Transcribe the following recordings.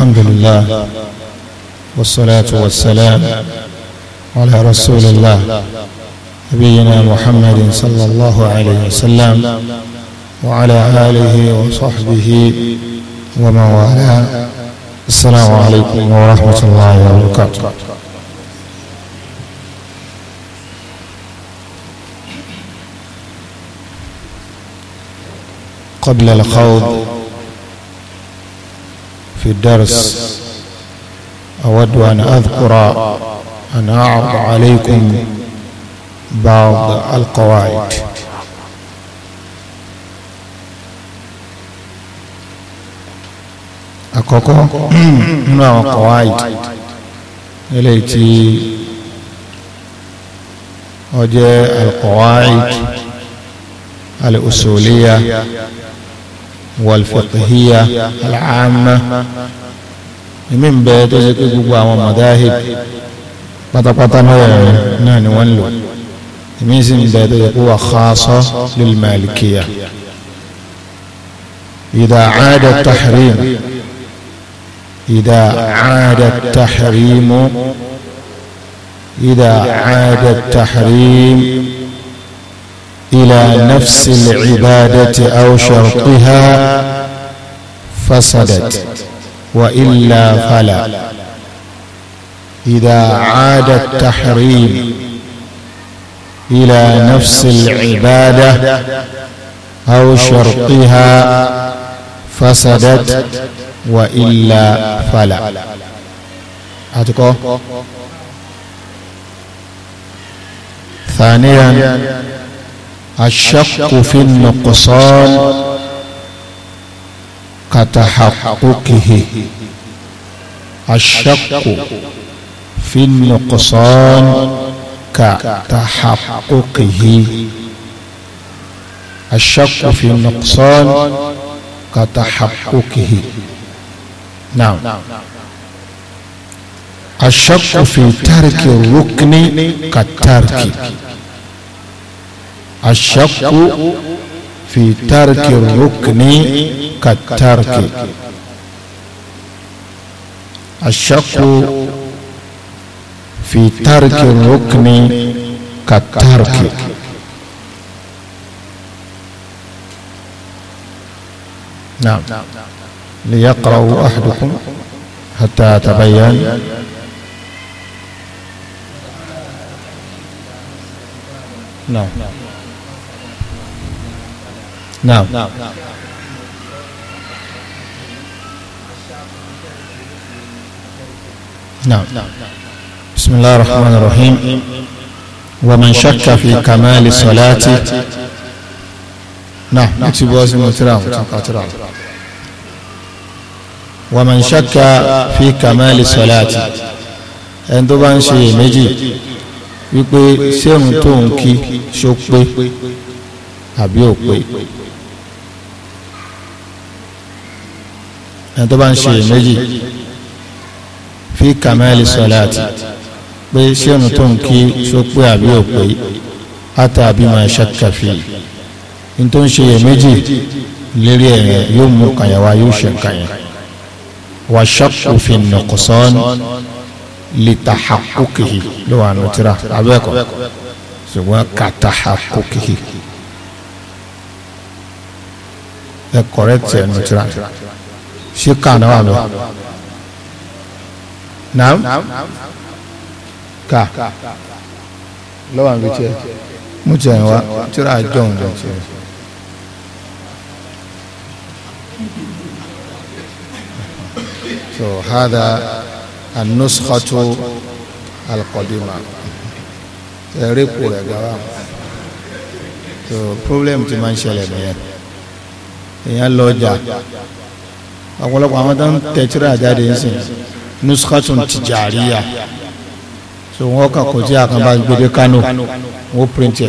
الحمد لله والصلاة والسلام على رسول الله نبينا محمد صلى الله عليه وسلم وعلى آله وصحبه ومن والاه السلام عليكم ورحمة الله وبركاته قبل الخوض في الدرس أود أن أذكر أن أعرض عليكم بعض القواعد أكوكو من نعم، القواعد التي وجاء القواعد الأصولية, الأصولية والفقهية العامة من بيت زكي قبوة ومذاهب بطا بطا نان ونلو من زم بيت قوة خاصة للمالكية إذا عاد التحريم إذا عاد التحريم, إذا عاد التحريم إلى نفس العبادة أو شرطها فسدت وإلا فلا إذا عاد التحريم إلى نفس العبادة أو شرطها فسدت وإلا فلا أتكو ثانيا الشق في النقصان كتحققه الشق في النقصان كتحققه الشق في النقصان كتحققه نعم الشق في ترك الركن كالترك الشق في ترك الركن كالترك الشق في ترك الركن كالترك نعم ليقرأ أحدكم حتى تبين نعم نعم. نعم نعم نعم بسم الله الرحمن الرحيم ومن شك في كمال صلاته نعم نكتب وزن مترام ومن شك في كمال صلاته عندما tó مجي يقول ṣe èméjì wípé àbí òpè ẹni tó bá ń ṣe èméjì fi kàmẹ́lì sọláàtì pé ṣéun tó ń kí só pé àbí òpè átà àbí máa ṣàkàfì ní tó ń ṣe èméjì lérí ẹ̀yẹ yóò mú kàyàwá yóò ṣe kàyàn wà ṣàkófì nìkọ̀sán lè tàhàkókè lọ́wọ́ àná tíra ṣùgbọ́n kàtàhàkókè ẹ kọrẹ́tì ẹ̀ nù tíra ṣé kàánà wà lọ. ka Lawan àwọn ìbítí ẹ̀ mú tiẹ̀ wá tíra àjọ̀hún lọ tiẹ̀. so hada anuskhatu alqadima ẹ̀rí kù rẹ̀ gbára so problem ti máa ń ṣẹlẹ̀ nìyẹn èèyàn lọ ọjà ọ̀pọ̀lọpọ̀ àwọn tó ń tẹ̀síra jáde ń sìn nuskhatun tijariya so wọn kà kò tí àkànbá gbèdé kánò wọn print ẹ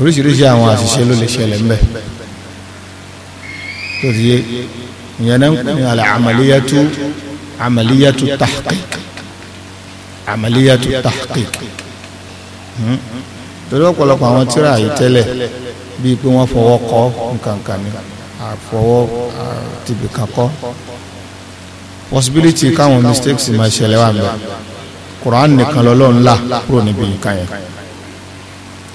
oríṣiríṣi àwọn àṣìṣe ló lè ṣẹlẹ̀ ńbẹ tó ti yé ìyẹn náà ń pè ní àlẹ àmàlíyàtú àmàlíyàtú tahqiq àmàlíyàtú tahqiq hmm? torí ọ̀pọ̀lọpọ̀ àwọn tíra yìí tẹ́lẹ̀ bíi pé wọ́n fọwọ́ kọ́ nǹkankan ni àfọwọ́ tìbí kan kọ́ possibility káwọn mistakes máa ṣẹlẹ̀ wà mẹ́ Quran nìkan lọ́lọ́run là kúrò níbi nǹkan yẹn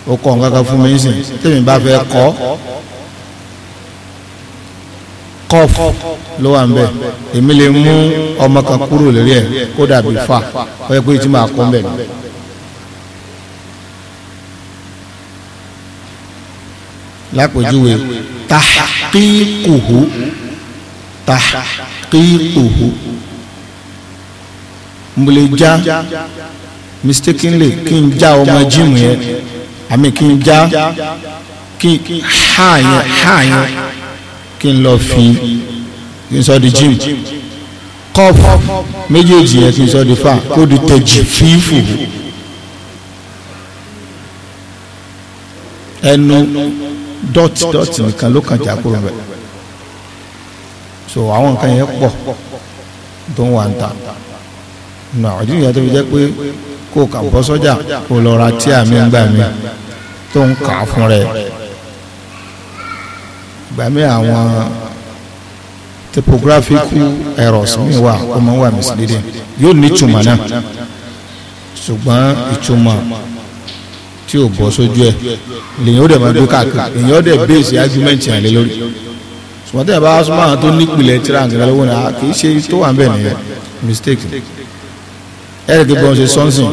ó kọ́ nǹkan kan fún mi ń sìn tèmi bá fẹ́ kọ́ kọf ló wà nbẹ èmi lè mú ọmọ kan kúrò lórí ẹ kó dàbí fa ó yẹ kó ìtumọ̀ àkọ́ mbẹ ni. lápèjúwe tahqiquhu tahqiquhu mo lè já mistakenly kí n já ọmọ jíìmù yẹn àmì kí n já kí ha yẹn ha yẹn kí n lọ fi kí n sọ di jíìmù kọf méjèèjì yẹn kí n sọ di fa kó di tẹjì fífù ẹnu dọ́ọ̀tì dọ́ọ̀tì nìkan ló kàn já kúrò bẹ́ẹ̀ so àwọn nǹkan yẹn pọ̀ tó ń wà ń ta nà ọdún yìí tó fi jẹ́ pé kó o kà bọ́ sọ́jà kó o lọ ra tí àmì ń gbà mí tó ń kà á fún rẹ̀ gbà mí àwọn typographical errors mi wà ó máa ń wà misleading yóò ní ìtumọ̀ náà ṣùgbọ́n ìtumọ̀ tí ò bọ́ sójú ẹ̀ lèyìn ó dẹ̀ máa gbé káàkiri èyàn ó dẹ̀ bẹ́ẹ̀sì ágúmẹ́ǹtì yẹn lé lórí ṣùgbọ́n tẹ̀ bá súnmọ́ àwọn tó nípìnlẹ̀ tíra nǹkan lọ́wọ́ ni kì í ṣe tó wà ń bẹ̀ nìyẹn mistake ẹ̀rì kí bọ́n ṣe sọ́nsìn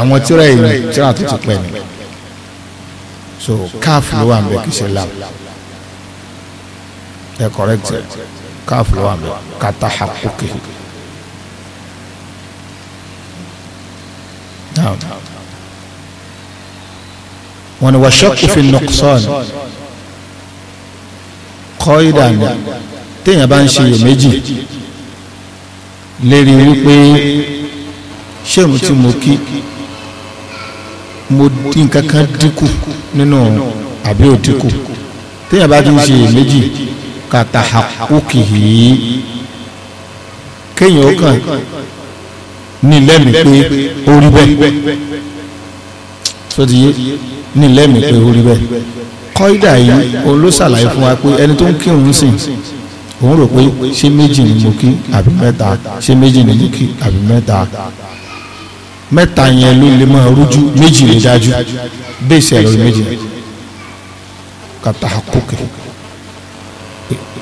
àwọn tíra èyàn tíra tó ti pẹ́ ni so káf ló wà ń bẹ̀ kì í ṣe lam ẹ̀ correct ẹ̀ káf ló wà ń bẹ̀ kàtà àkókè. Now, now wọn ni wàṣọ́kù fi nọ́kùsọ́ọ̀nù kọ́ ìdààmú téèyàn bá ń ṣe iyèméjì lérí wípé ṣéun tí mo kí mo nǹkan kan dínkù nínú àbí ò dínkù téèyàn bá ti ń ṣe iyèméjì kàtà àkókì yìí kéèyàn ó kàn ní lẹ́mìí pé ó rí bẹ́ẹ̀ tó ti yé ní lẹ́mìí pé ó rí bẹ́ẹ̀ kọ́ídà yìí òun ló ṣàlàyé fún wa pé ẹni tó ń kírun sìn òun rò pé ṣé méjì ni mo kí àbí mẹ́ta ṣé méjì ni mo kí àbí mẹ́ta mẹ́ta yẹn ló lè máa rújú méjì lè dájú bẹ́ẹ̀sì ẹ̀rọ méjì kàtà kókè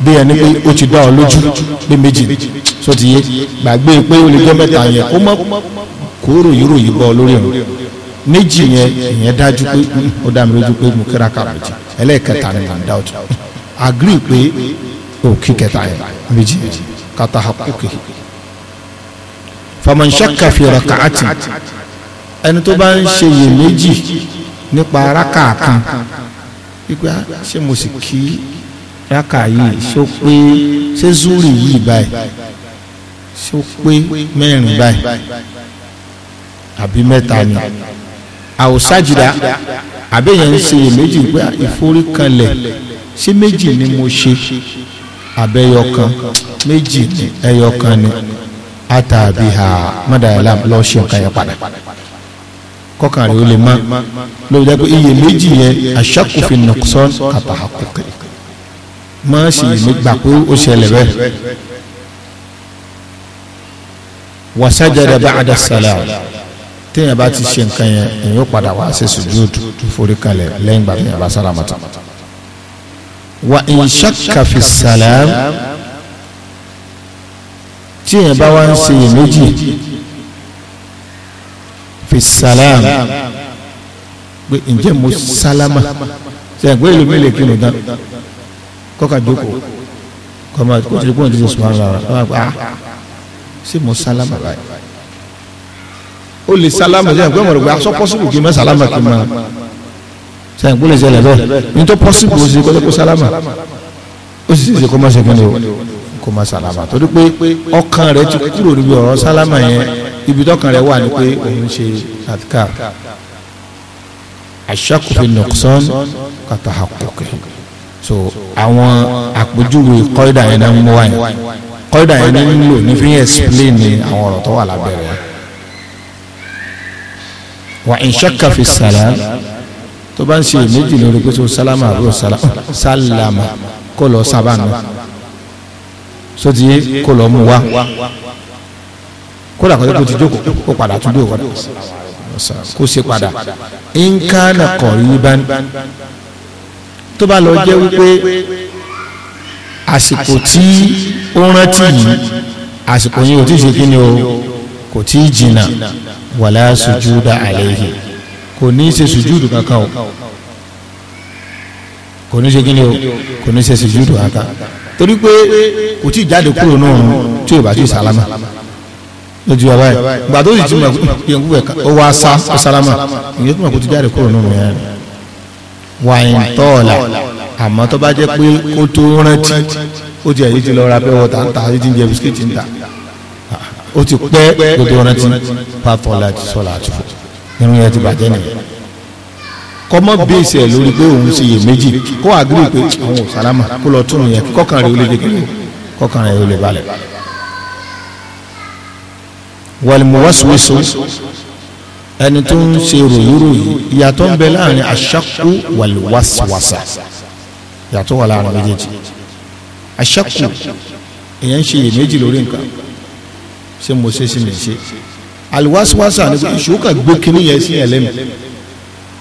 bí ẹni pé ó ti dá ọ lójú pé méjì sọ ti yé gbàgbé pé ó lè jẹ́ mẹ́ta yẹn ó mọ̀ kó ròyìn ròyìn bọ́ lórí ẹ̀rọ méjì yẹn ìyẹn dájú pé ó dá mi lójú pé mo kíra kàbọ̀jì ẹlẹ́ẹ̀kẹta ni mo ń dá ọ̀tún agri pé òkì kẹta yẹn méjì kàtà àkókè faman shakka fi raka'ati ẹni tó bá ń ṣe iye méjì nípa raka kan ìgbà ah, ṣé mo sì kí raka yìí ṣó pé ṣé zuri yìí báyìí ṣó pé mẹ́rin báyìí àbí mẹ́ta ni àwòsájìdá àbẹ̀yẹn ń ṣe èméjì pé ìforíkanlẹ̀ ṣé méjì ni mo ṣe àbẹ̀yọkan méjì ni ẹyọkan ni àtàbí ha mọ́dàlá lọ́ọ́ ṣe nǹkan yẹn padà kọ́kàn rẹ̀ ó lè má lórí dẹ́ iye méjì yẹn aṣakòfin nọ̀kùsọ́n àtàkùkẹ́ má sì mí pé ó ṣẹlẹ̀ bẹ́ẹ̀ wasajada ba'da salam téèyàn bá ti ṣe nǹkan yẹn èyàn ó padà wá ṣe sùjúd forí kalẹ̀ lẹ́yìn ìgbà téèyàn bá sálámà tán. wa in shakka fi salam téèyàn bá wá ń ṣe iyèméjì fi salam pé ǹjẹ́ mo sálámà sẹ́yìn pé èlò mélòó kí ló dán kọ́ka jókòó kọ́ma kó tó di kó ń di sùn wàhálà rẹ̀ ṣé mo sálámà báyìí ó lè sálámà sẹ́yìn pé mọ̀rọ̀ pé aṣọ pọ́sibù kì salama mẹ́ sálámà kì í máa sẹ́yìn pé ó lè ṣẹlẹ̀ bẹ́ẹ̀ ní tó pọ́sibù ó sì kọ́ tó kó sálámà ó sì o kó má ṣe kíni o kó má sálámà torí pé ọkàn rẹ ti kúrò níbi ọ̀rọ̀ sálámà yẹn ibi tọkàn rẹ wà ní pé òun ṣe àtìkà aṣakùfẹ nọkṣọn kàtà àkùkẹ so àwọn àpèjúwe kọ́ìdà yẹn náà ń mú wáyé kọ́ìdà yẹn náà ń lò ní fi ń explain àwọn ọ̀rọ̀ tó wà lábẹ́ rẹ̀ wà ń ṣaka fi sàlám tó bá ń ṣe méjì lórí pé tó sálámà àbúrò sálámà kó lọ sábà nù sóti kó lọ mú wa kódà kó tó ti jókòó kó padà tún dé òwúrọ̀ kó ṣe padà nǹkan kọ̀rí bá ní tó bá lọ jẹ́ wípé àsìkò tí ó rántí yìí àsìkò yìí ò tí ì ṣe kí ni o kò tí ì jìnnà. wàlá suju da kò ní ṣe suju kankan o kò ní ṣe o kò ní ṣe sùjúdù kankan torí pé kò tí jáde kúrò náà tí ò bá ti sàlámà lójú ọba yẹn gbà tó sì ti mọ ìyẹn kúbẹ ó wá sá ó sàlámà ìyẹn tó mọ kò tí jáde kúrò náà yẹn wà tọ́ọ̀là àmọ́ tó bá jẹ́ pé kó tó rántí ó ti ẹ̀yìn ti pé wọ́n ta ń ta ti ń jẹ bisikíìtì ó ti pẹ́ gbogbo rántí pàtó láti sọ̀lá àtúfò irun yẹn ti bàjẹ́ nìyẹn kọ́mọ́ bíyèsí ẹ̀ lórí pé òun ṣe iyèméjì kó àgírí pé àwọn òsàlámà kó lọ tún yẹn kọ́kàn rẹ̀ ó lè dégbé kọ́kàn rẹ̀ ó lè balẹ̀. wàlùmọ̀wọ́sowọ́sọ ẹni tó ń ṣe ròyìnròyìn ìyàtọ̀ ń bẹ láàrin àṣàkú wàlùwàsíwàsà ìyàtọ̀ wà láàrin méjèèjì àṣàkú èèyàn ń ṣe iyèméjì lórí nǹkan se mo ṣe ṣe mi ṣe aliwasiwasa ni iṣu kan gbé kinní yẹn sí ẹlẹ́mi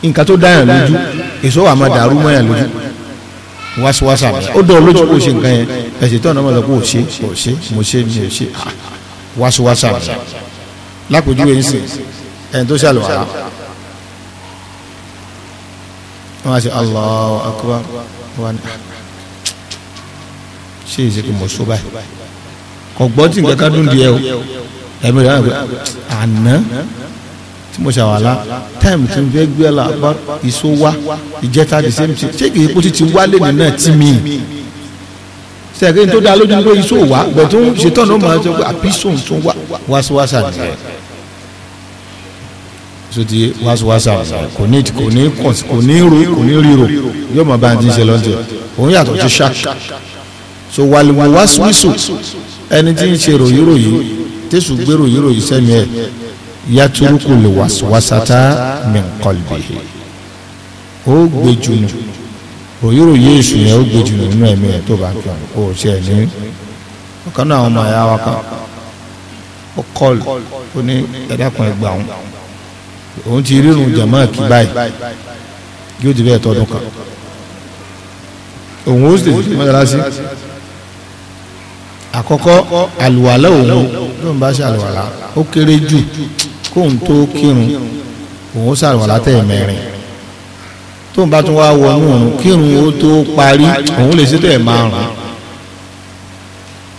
nǹkan tó dáyàn lójú èso wa máa dàrú mọ́yàn lójú wasiwasa ó dọ̀ lójú kó ṣe nǹkan yẹn ẹ̀sìn tó ọ̀nà máa sọ pé ò ṣe ò ṣe mo ṣe mi ò ṣe wasiwasa lápèjúwe ń sìn ẹni tó ṣàlùwàlá wọ́n á ṣe Allahu akbar wọ́n á ní ìṣe kò mọ̀ sóbáyìí ọ̀gbọ́n tí nǹkan kan dùn díẹ̀ o ẹ̀mí rẹ̀ àgbẹ̀ àná tí mo ṣàwàlá táìmù tí mo fẹ́ gbé ẹ̀ làbá ìṣó wá ìjẹta the same thing ṣé kìí kó ti ti wá lèmi náà tí mi sẹ́kẹ́ tó dá lójú pé iṣó wá bẹ̀ tó ń ṣetán ló máa sọ pé àbísọ̀ tó wá wáṣíwáṣà nìyẹn so ti wáṣíwáṣà kò ní kò ní kò ní ro kò ní ríro yóò máa bá a ti ń ṣe lọ́tẹ̀ òun yàtọ̀ ti ṣá so wàlúwàṣíwíṣù ẹni tí ń ṣe ròyìnròyìn tẹ̀sù gbé ròyìnròyìn sẹ́mi ẹ̀ yàtúrúkú lè wàsátá min qalbihi ó gbé jùnú ròyìnròyìn èṣù yẹn ó gbé jùnú nínú ẹ̀mí ẹ̀ tó bá kí wọn kó o ṣe ẹ̀ ní ọ̀kan náà àwọn ọmọ ẹ̀yà wa kan ó kọ́ọ̀lù ó ní ẹ̀dàkùn ẹgbàá òun òun ti rírun jàmáà kí báyìí yóò ti bẹ́ẹ̀ tọdún kan òun ó sì tẹ̀sí mọ́tàlásí àkọ́kọ́ àlùwàlá òun ló ń bá ṣe àlùwàlá ó kéré jù kóun tó kírun òun ṣàlùwàlá tẹ̀mẹ́rin tóun bá tún wá wọnú òun kírun ó tó parí òun lè ṣe tẹ̀ márùn-ún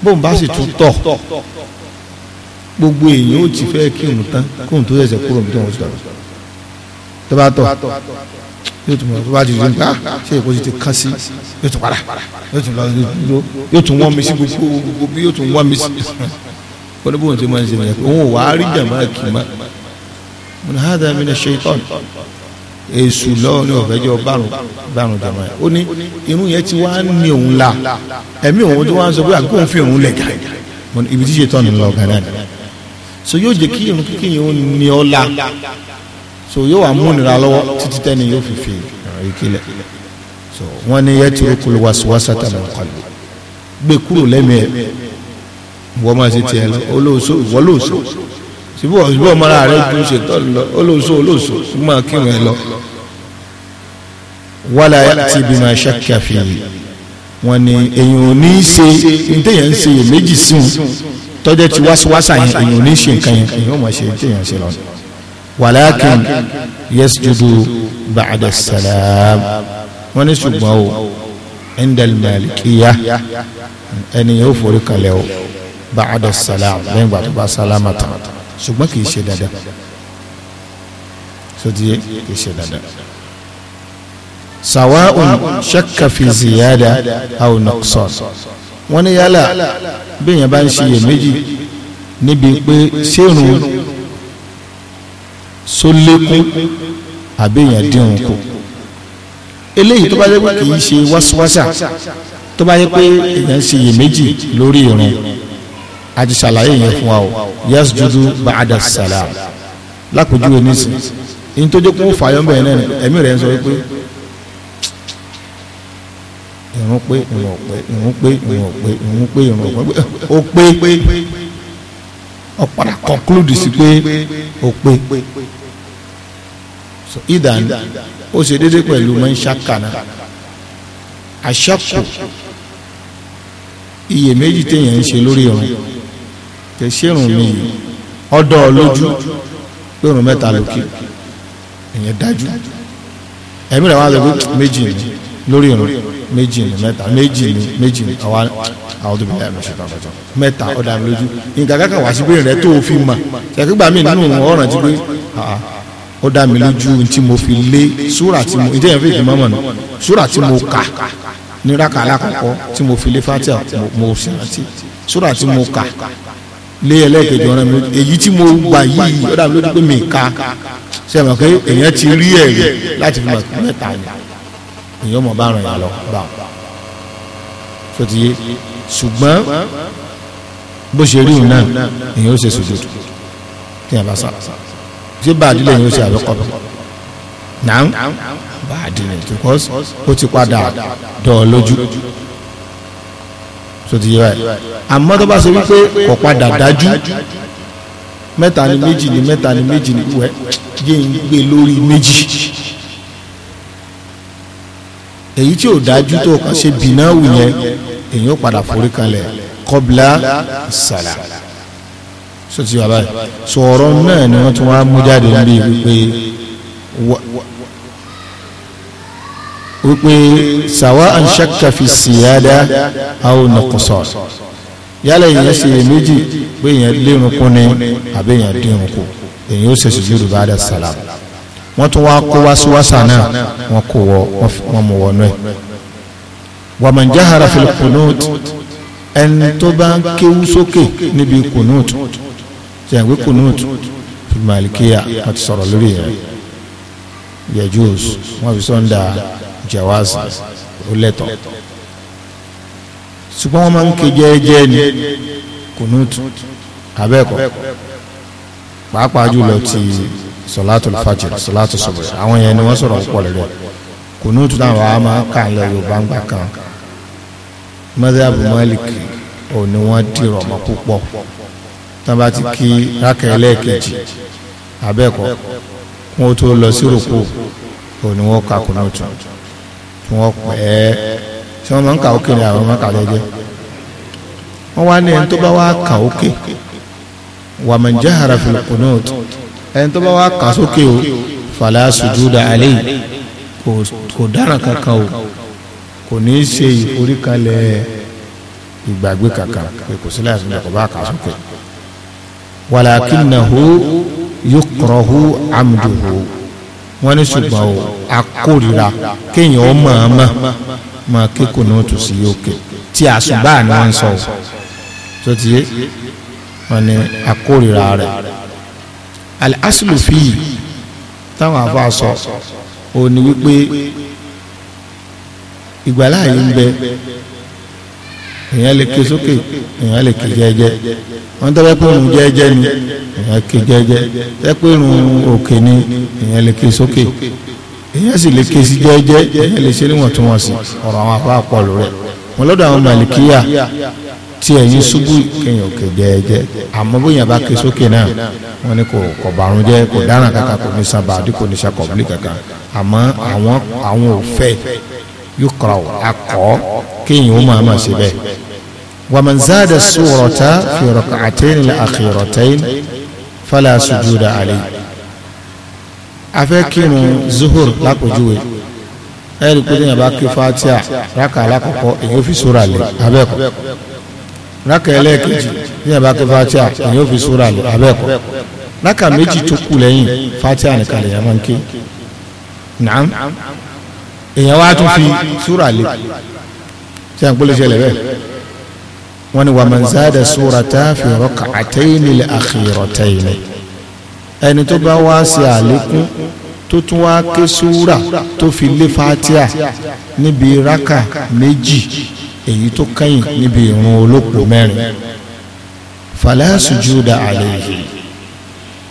bóun bá sì tún tọ̀ gbogbo èèyàn ó ti fẹ́ kírun tán kóun tó ṣẹ̀ṣẹ̀ kúrò nítorí òun ṣàlùwàlá tó bá tọ̀ yóò tún bọ̀ tó bá di ìlú nípa ṣé èkó ti ti kán sí yóò tún padà yóò tún lọ yóò tún wọ́n mi sí gbogbo gbogbo bí yóò tún wọ́n mi sí. wọ́n ní bóun ti máa ń ṣe mọ̀ ẹ́ òun ò wá rí jàmbá kì í má. mo ní hádà mi ní ṣètọ́n èṣù lọ́wọ́ ní ọ̀fẹ́jọ́ bárùn bárùn jàmbá yẹn ó ní irun yẹn ti wá ní òun la ẹ̀mí òun tó wá ń sọ pé àbíkó òun fi òun lẹ̀ gàdà ibi tí ṣètọ́n ń lọ gàdà so yóò jẹ́ kí irun kíkì yẹn ó ní ọ́ la so yóò wá múnira lọ́wọ́ títí tẹ́ni yóò fi fi ìkílẹ̀ so wọ́n ní yẹtù kúlù wàsíwàsá tà mọ́ kọlù gbé kúrò lẹ́mìí ẹ̀ wọ́n máa ṣe tiẹ̀ lọ olóòṣó ìwọ́ lóòṣó síbú ọ̀sibú ọmọra rẹ̀ ju ṣètò lọ olóòṣó olóòṣó máa kírun ẹ lọ. wàlá ti bí máa ṣàkíyà fi wọn ni èyàn ò ní í ṣe ntẹ̀yẹ̀ ń ṣe èméjì sí wọn tọ́jọ́ ti wáṣíwáṣá yẹn èyàn ò ní í ṣe nǹkan yẹn èyàn ò máa ṣe ntẹ̀yẹ̀ ń ṣe lọ́nà walakin yasjudu ba'da salam wọ́n ní ṣùgbọ́n o indal malikiya ẹni yóò forí kalẹ̀ o ba'da salam lẹ́yìn ìgbà tó bá salama tán ṣùgbọ́n kì í ṣe dandan sotiye kì í ṣe dandan sawa'un shakka fi ziyada aw nuqsan wọ́n ní yálà bí èèyàn bá ń ṣiyèméjì níbi pé ṣé òun só lékún àbí èèyàn dín kù eléyìí tó bá yẹ pé kì í ṣe wáṣíwáṣà tó bá yẹ pé èèyàn ṣe iyèméjì lórí ìrun àti ṣàlàyé yẹn fún wa o yasjudu ba'da salam lápèjúwe nísìn ní tó jẹ́ kó fàyọ́ bẹ́ẹ̀ náà ẹ̀mí rẹ̀ ń sọ wípé ìrun pé ìrun ọ̀pẹ ìrun pé ìrun ọ̀pẹ ìrun pé ìrun ọ̀pẹ ó pé ó padà conclude sí pé ó pé idan ó ṣe déédéé pẹ̀lú man shakkana ashakku iyèméjì téèyàn ń ṣe lórí ọ̀run tẹ̀síìrùn mi ọ̀dọ̀ lójú pé òrùn mẹ́ta lókè ìyẹn dájú ẹ̀mí rẹ̀ wá lọ pé méjì ni lórí ọ̀run méjì ni mẹ́ta méjì ni méjì ni àwa àwọn tó bẹ̀rẹ̀ ẹ̀mí ṣètò àtọ̀tọ̀ mẹ́ta ọ̀dà mi lójú nǹkan kankan wá sí pé rẹ̀ tó o fi mọ̀ ṣàkígbà mi nínú ọ̀ràn ti pé ó dá mi lójú tí mo fi lé súrà tí mo ìdíyẹ̀ fi ìdí mọ́mọ́ nù súrà tí mo kà ní rákà alákọ̀ọ́kọ́ tí mo fi lé fatia mo sì rántí súrà tí mo kà lé ẹlẹ́ẹ̀kejì ọ̀rẹ́ mi èyí tí mo gbà yìí ó dá mi lójú pé mi ka sẹ́wọ̀n pé èèyàn ti rí ẹ̀rí láti fi mọ̀ mẹ́ta ni èèyàn mọ̀ bá ràn yà lọ bá sotiye ṣùgbọ́n bó ṣe rí òun náà èèyàn ó ṣe sùjúdù kí n bá sá ṣé báàdì lè yóò ṣe àbíkọ́ náà báàdì lè because ó ti padà dọ̀ ọ́ lójú tó ti yẹ báyìí àmọ́ tó bá ṣe wípé kò padà dájú mẹ́ta ni méjì ni mẹ́ta ni méjì ni wẹ́ jẹ́ ń gbé lórí méjì èyí tí ò dájú tó kàn ṣe bìnnáwù yẹn èyí ó padà forí kalẹ̀ kọ́bla sàlà so ti wà báyìí sọ̀rọ̀ náà ni wọ́n tún wá mú jáde níbi wípé wípé sàwa an shakka fi siyada aw naqsar yálà èèyàn sì yẹ méjì pé èèyàn lérun kún ni àbí èèyàn dírun kù èèyàn ó ṣe sùjúdù ba'da salam wọ́n tún wá kó wá sí náà wọ́n kó wọ wọ́n mú wọnú ẹ̀ wa man jahara fil ẹni tó bá kéwú sókè níbi qunut tẹ̀wé kùnúùtù fìmàlìkíyà wọ́n ti sọ̀rọ̀ lórí rẹ̀ yẹjúùs wọ́n fi sọ́ńdà jawaz ó lẹ́tọ̀ ṣùgbọ́n wọ́n máa ń ké jẹ́ẹ́jẹ́ ni kùnúùtù abẹ́ẹ̀kọ́ pàápàá jùlọ ti sọlátùl fajr sọlátù subh àwọn yẹn ni wọ́n sọ̀rọ̀ púpọ̀ lórí rẹ̀ kùnúùtù táwọn a máa kà ń lọ yorùbá ń gbà wọ́n tán bá ti kí rákà ẹlẹ́ẹ̀kejì abẹ́ẹ̀kọ́ kún ó tó lọ sí rògbò òun ni wọ́n kà kùnà tù kí wọ́n pẹ́ ẹ́ ṣé wọ́n máa ń kà ókè ni àwọn máa ń kà lẹ́jẹ́ wọ́n wá ní ẹni tó bá wá kà ókè wàmọ̀ jẹ́ àràfin kùnà tù ẹni tó bá wá kà sókè o fàlà sùjúdà àlẹ́ yìí kò dára kankan o kò ní í ṣe ìforíkalẹ̀ ìgbàgbé kankan pé kò sí láìpẹ́ kò bá kà sókè wàlàkínàhó yókùrọ̀hó àmdùhó wọ́n ní ṣùgbọ́n o akórira kéèyàn ó mọ̀ọ́mọ̀ máa kékòó náà tó sí yókè tí àṣùbà ni wọ́n ń sọ o tó ti yé wọ́n ní akórira rẹ̀ al-aslu fi táwọn afa sọ o wípé ìgbàláyé ń bẹ èèyàn lè ké sókè èèyàn lè ké jẹ́jẹ́ wọ́n tọ́ bẹ́ pé irun jẹ́jẹ́ ni èèyàn ké jẹ́jẹ́ tẹ́ pé irun òkè ni èèyàn lè ké sókè èèyàn sì lè ké sí jẹ́jẹ́ èèyàn lè ṣe níwọ̀ntúnwọ̀nsì ọ̀rọ̀ àwọn afá àpọ̀lù rẹ̀ wọn lọ́dọ̀ àwọn màlìkíyà tí ẹ̀yin ṣubú kéèyàn òkè jẹ́jẹ́ àmọ́ bóyá bá ké sókè náà wọ́n ní kò kọ̀bàrún jẹ́ kò dáràn kankan kò ní sábà àdínkù ní sàkọ̀bílì kankan àmọ́ àwọn àwọn òfẹ́ yukra akọ kéèyàn ó máa ma ṣe bẹ́ẹ̀ waman zada surata fi rak'atayn al-akhiratayn fala sujuda alayhi afẹ́ kírun zuhur lápòjúwe ẹ̀rí pé téèyàn bá kí fatia rákà alákọ̀ọ́kọ́ èyí ó fi sóra lé abẹ́kọ̀ rákà ẹlẹ́ẹ̀kejì téèyàn bá kí fatia èyí fi sóra lé abẹ́kọ̀ rákà méjì tó kù lẹ́yìn fatia nìkan lè yàn máa ń ké nàám èèyàn wá tún fi súrà lé ṣé à ń gbólé ṣẹlẹ̀ bẹ́ẹ̀ wọ́n ní wàmọ̀ nzáàdà súrà tá a fi rọ́kà àtẹ́yìnì lè àkìrọ̀ tẹ̀yìnì ẹni tó bá wá ṣe àlékún tó tún wá ké súrà tó fi lé fatia níbi rákà méjì èyí tó kẹ́yìn níbi ìrun olóko mẹ́rin fàlẹ́ sùjúdà àlẹ́ yìí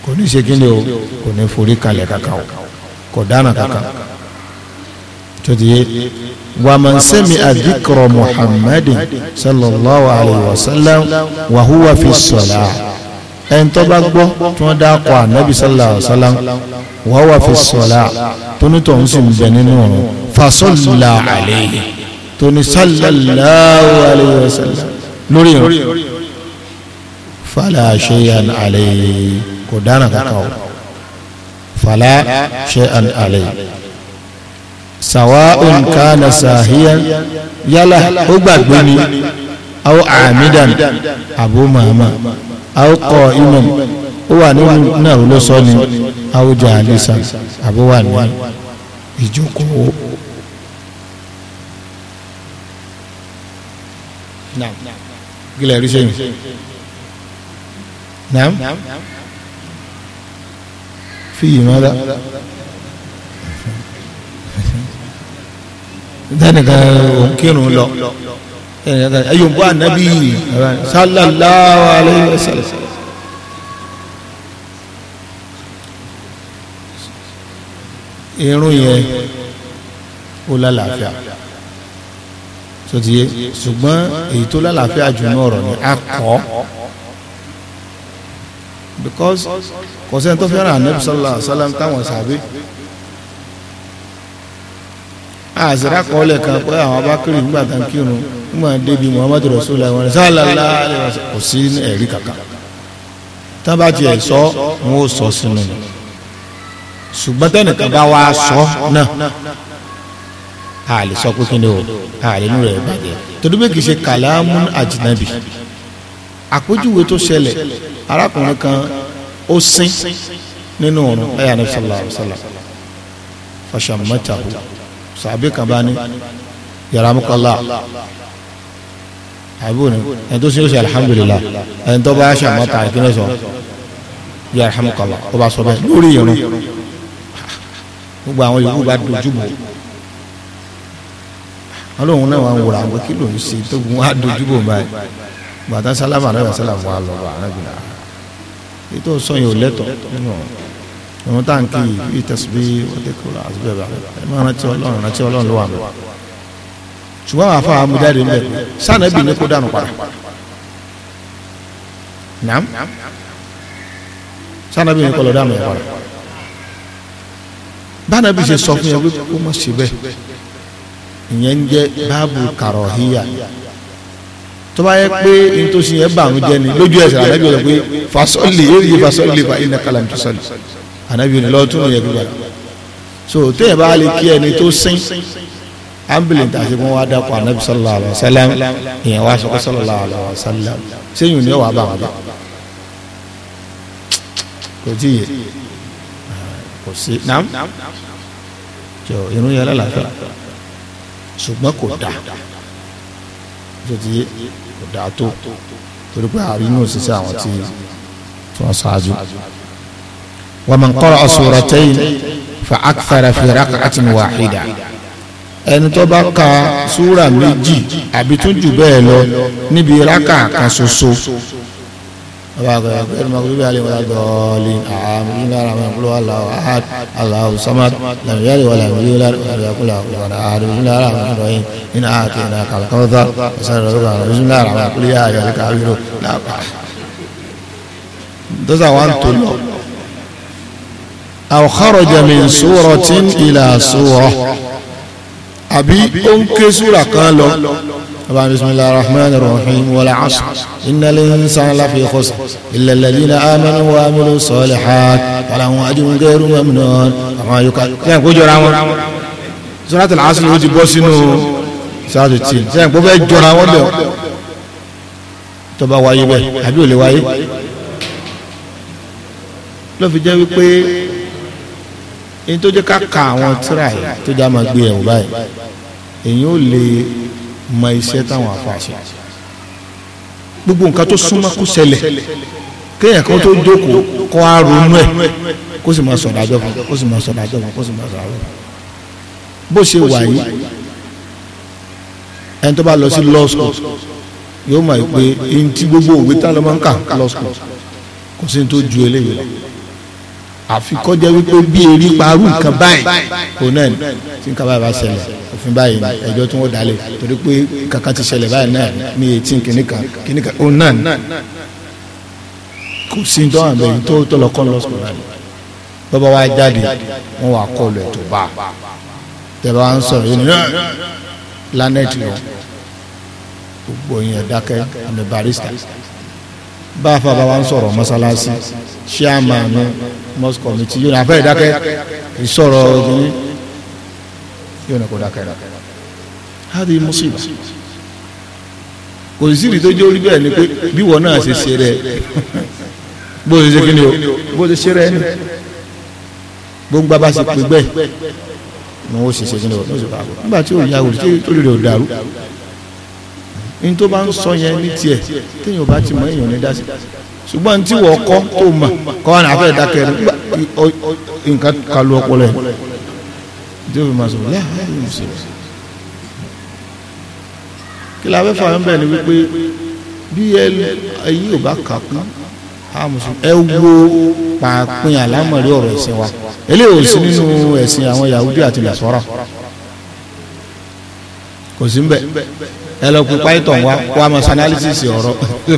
kò ní ṣe kí ni o kò ní forí kalẹ̀ kankan o kò dáná kankan tòdìyẹ wàmán sami adikọrọ muhammadin sallallahu alayhi wa sallam wa huwa fi sọlá ẹn tó bá gbọ́ tí wọ́n dákọ̀ ànábi sallallahu alayhi wa sallam wa huwa fi sọlá tónítọ̀ ń sì ń bẹ nínú ọ̀run fasọ́lá àlẹ́yìn tóní sallallahu alayhi wa sallam lórí ọ̀run fàlà ṣéyàn àlẹ́yìn kò dára kankan o fàlà ṣéyàn àlẹ́yìn sawa'un kana sahiyan yálà ó gbàgbé ni aw amidan abu mahama aw qa'iman ó wà nínú náà ló sọ ni aw jalisan àbó wà ní ìjókòó. gílẹ̀ rí sẹ́yìn naam fi yìí mọ́ra. tẹnìkan òun kírun lọ ayọ̀bọ̀ ànábì sallallahu alayhi wa sallam. irun yẹn ó lálàáfíà sotiye ṣùgbọ́n èyí tó lálàáfíà jù ní ọ̀rọ̀ ni a kọ́ because kò sẹ́ni tó fẹ́ràn anabi sallallahu alayhi táwọn sàbẹ̀ àṣírà kan lẹ̀ kan pé àwọn abákiri nígbà tán kírun nígbà débi muhammadu rasulullah wọn sálàlá kò sí ẹ̀rí kankan tán bá tiẹ̀ sọ wọn ò sọ sínú ṣùgbọ́n tẹ́nìkan bá wá sọ náà a lè sọ pé kíni o a lè nú rẹ bàjẹ́ torí pé kì í ṣe kàlámù àjìnàbì àpèjúwe tó ṣẹlẹ̀ arákùnrin kan ó sín nínú ọ̀run ẹ̀yà ní sọlá sọlá fàṣàmọ́tàbù sàbí kan bá ní yàrá mọ́kànlá àbí òní ẹni tó ṣe é ṣe alihamudulilayi ẹni tó bá ṣe àmọ́ta ìpínlẹ̀ sọ yàrá mọ́kànlá ó bá sọ bẹ́ẹ̀ lórí ìrún gbogbo àwọn yòókù bá dojú bò wọn lóun náà wà ń wòrà àwọn kí lòun ṣe tó gun á dojú bò báyìí gbàtà sálámà náà sálámà wà lọ́wọ́ àrẹ́gbẹ̀rẹ́ ètò sọ̀yìn ò lẹ́tọ̀ọ́ nínú ọ̀rọ̀ ìwọ̀n tá à ń kí yìí tẹ̀síbí ọ̀dẹ́kọ̀ọ́lá àti bẹ́ẹ̀ bẹ́ẹ̀ ẹ máa rántí ọlọ́run rántí ọlọ́run ló wà mí ṣùgbọ́n àwọn afọ àmújáde ńlẹ̀ sáànà ẹbí ní kó dànù padà nàám sáànà ẹbí ní kó lọ dànù padà báànà ẹbí ṣe sọ fún yẹn kó má ṣe bẹ́ẹ̀ ìyẹn ń jẹ́ báàbù kàrọ̀híyà tó bá yẹ pé ntòsí yẹn bàánú jẹ ni lójú ẹsẹ̀ àlẹ́ bí wọ́n sọ pé fasọ́lì yóò yí fasọ́lì fa iná kàlà ànábì ní lọ́tún yẹ gbígbà so téèyàn bá lè kí ẹni tó sín ambulance àti wọn wá dàpọ̀ ànábì sallallahu alaihi wasallam ìyẹn wá sọkọ sallallahu alaihi wasallam sẹ́yìn ní ọwọ́ àbàwọ̀ bá kò tí yẹ kò sí nam jọ irun yẹn lálàáfíà ṣùgbọ́n kò dà tó ti yé kò dà tó torí pé àrínú òṣìṣẹ́ àwọn tí wọ́n ṣáájú. ومن قرأ سورتين فأكثر في ركعة واحدة ẹni tó bá ka súra méjì àbí tún jù bẹ́ẹ̀ lọ níbi rákà kan ṣoṣo ọba àgbẹ̀rẹ̀ ẹni mọ̀ bíbí alẹ́ wọlé dọ́ọ̀lì aw kharaja min suratin ila surah àbí ó ń ké súra kan lọ bàbá bisimilahi rahman rahim wal asr innal insana lafi khusr illa alladhina amanu wa amilu salihat walahum ajrun ghayru mamnun àwọn ayọkà ṣe ń kójọra wọn suratul asr ló ti bọ́ sínú suratul tin ṣe ń kó fẹ́ jọra wọn bẹ́ẹ̀ tó bá wáyé bẹ́ẹ̀ àbí ò lè wáyé ló fi jẹ́ wípé èyí tó jẹ́ ká ka àwọn tíra yìí tó jẹ́ àmà gbé ẹ̀wọ̀n báyìí èyí ò lè mọ iṣẹ́ táwọn afáṣẹ gbogbo nǹkan tó súnmọ́ kó ṣẹlẹ̀ kéèyàn kan tó jókòó kó a ronú ẹ̀ kó sì máa sọ̀rọ̀ àjọ fún kó sì máa sọ̀rọ̀ àjọ fún kó sì máa sọ̀rọ̀ àjọ fún bó ṣe wà yìí ẹni tó bá lọ sí law school yóò mọ̀ pé ẹni tí gbogbo òwe tá ló ń kà law school kò sí ní tó ju eléyìí lọ àfi kọjá wípé bí erí parú nǹkan báyìí òun náà tí nǹkan báyìí bá ṣẹlẹ̀ òfin báyìí ẹjọ́ tí wọ́n dálé torí pé kankan ti ṣẹlẹ̀ báyìí náà ní etí kìnìkan kìnìkan òun náà kò sí ní dọ́wọ́n àbẹ̀yìn tó tó lọ kọ́ lọ sọ̀rọ̀ rẹ̀ bọ́bá wa jáde wọ́n wà kọ́ lọ ètò bá tẹ̀bá wa ń sọ̀rọ̀ yìí nìyẹn ah, planet lọ gbogbo yẹn dákẹ́ àmì barista. barista bá a fà bá wa ń sọ̀rọ̀ mọ́sálásí chairman ní mosque committee yóò ní afẹ́ ìdákẹ́ ìsọ̀rọ̀ ọ̀gbìn yóò ní kó dákẹ́ dákẹ́ hadi musiba kò sí ìrì tó jẹ́ orí bẹ́ẹ̀ ni pé bí wọn náà ṣe ṣe rẹ bó ṣe ṣe kíni o bó ṣe ṣe rẹ ni gbogbo bá ṣe pé bẹ́ẹ̀ ni wọ́n ṣe ṣe kíni o nígbà tí ò yá o tí ó lè rẹ̀ dàrú ní tó bá ń sọ yẹn ní tiẹ̀ téèyàn bá ti mọ èèyàn ní dásí ṣùgbọ́n ní tí wọ́n kọ́ tó mọ̀ kọ́ wọn àfẹ́ dákẹ́ rẹ̀ nǹkan kalu ọpọlọ yẹn tí o fi máa sọ lẹ́yìn àyè ìṣe kí la fẹ́ fà ń bẹ̀ ni wípé bí ẹyí ò bá kà kún ẹ wo pàápín àlámọ̀rí ọ̀rọ̀ ẹ̀sìn wa eléyìí ò sí nínú ẹ̀sìn àwọn Yahudi àti Nasara kò sí ń bẹ̀ ẹ lọ kú pàìtọ̀ wa wa mọ̀ sanálísìsì ọ̀rọ̀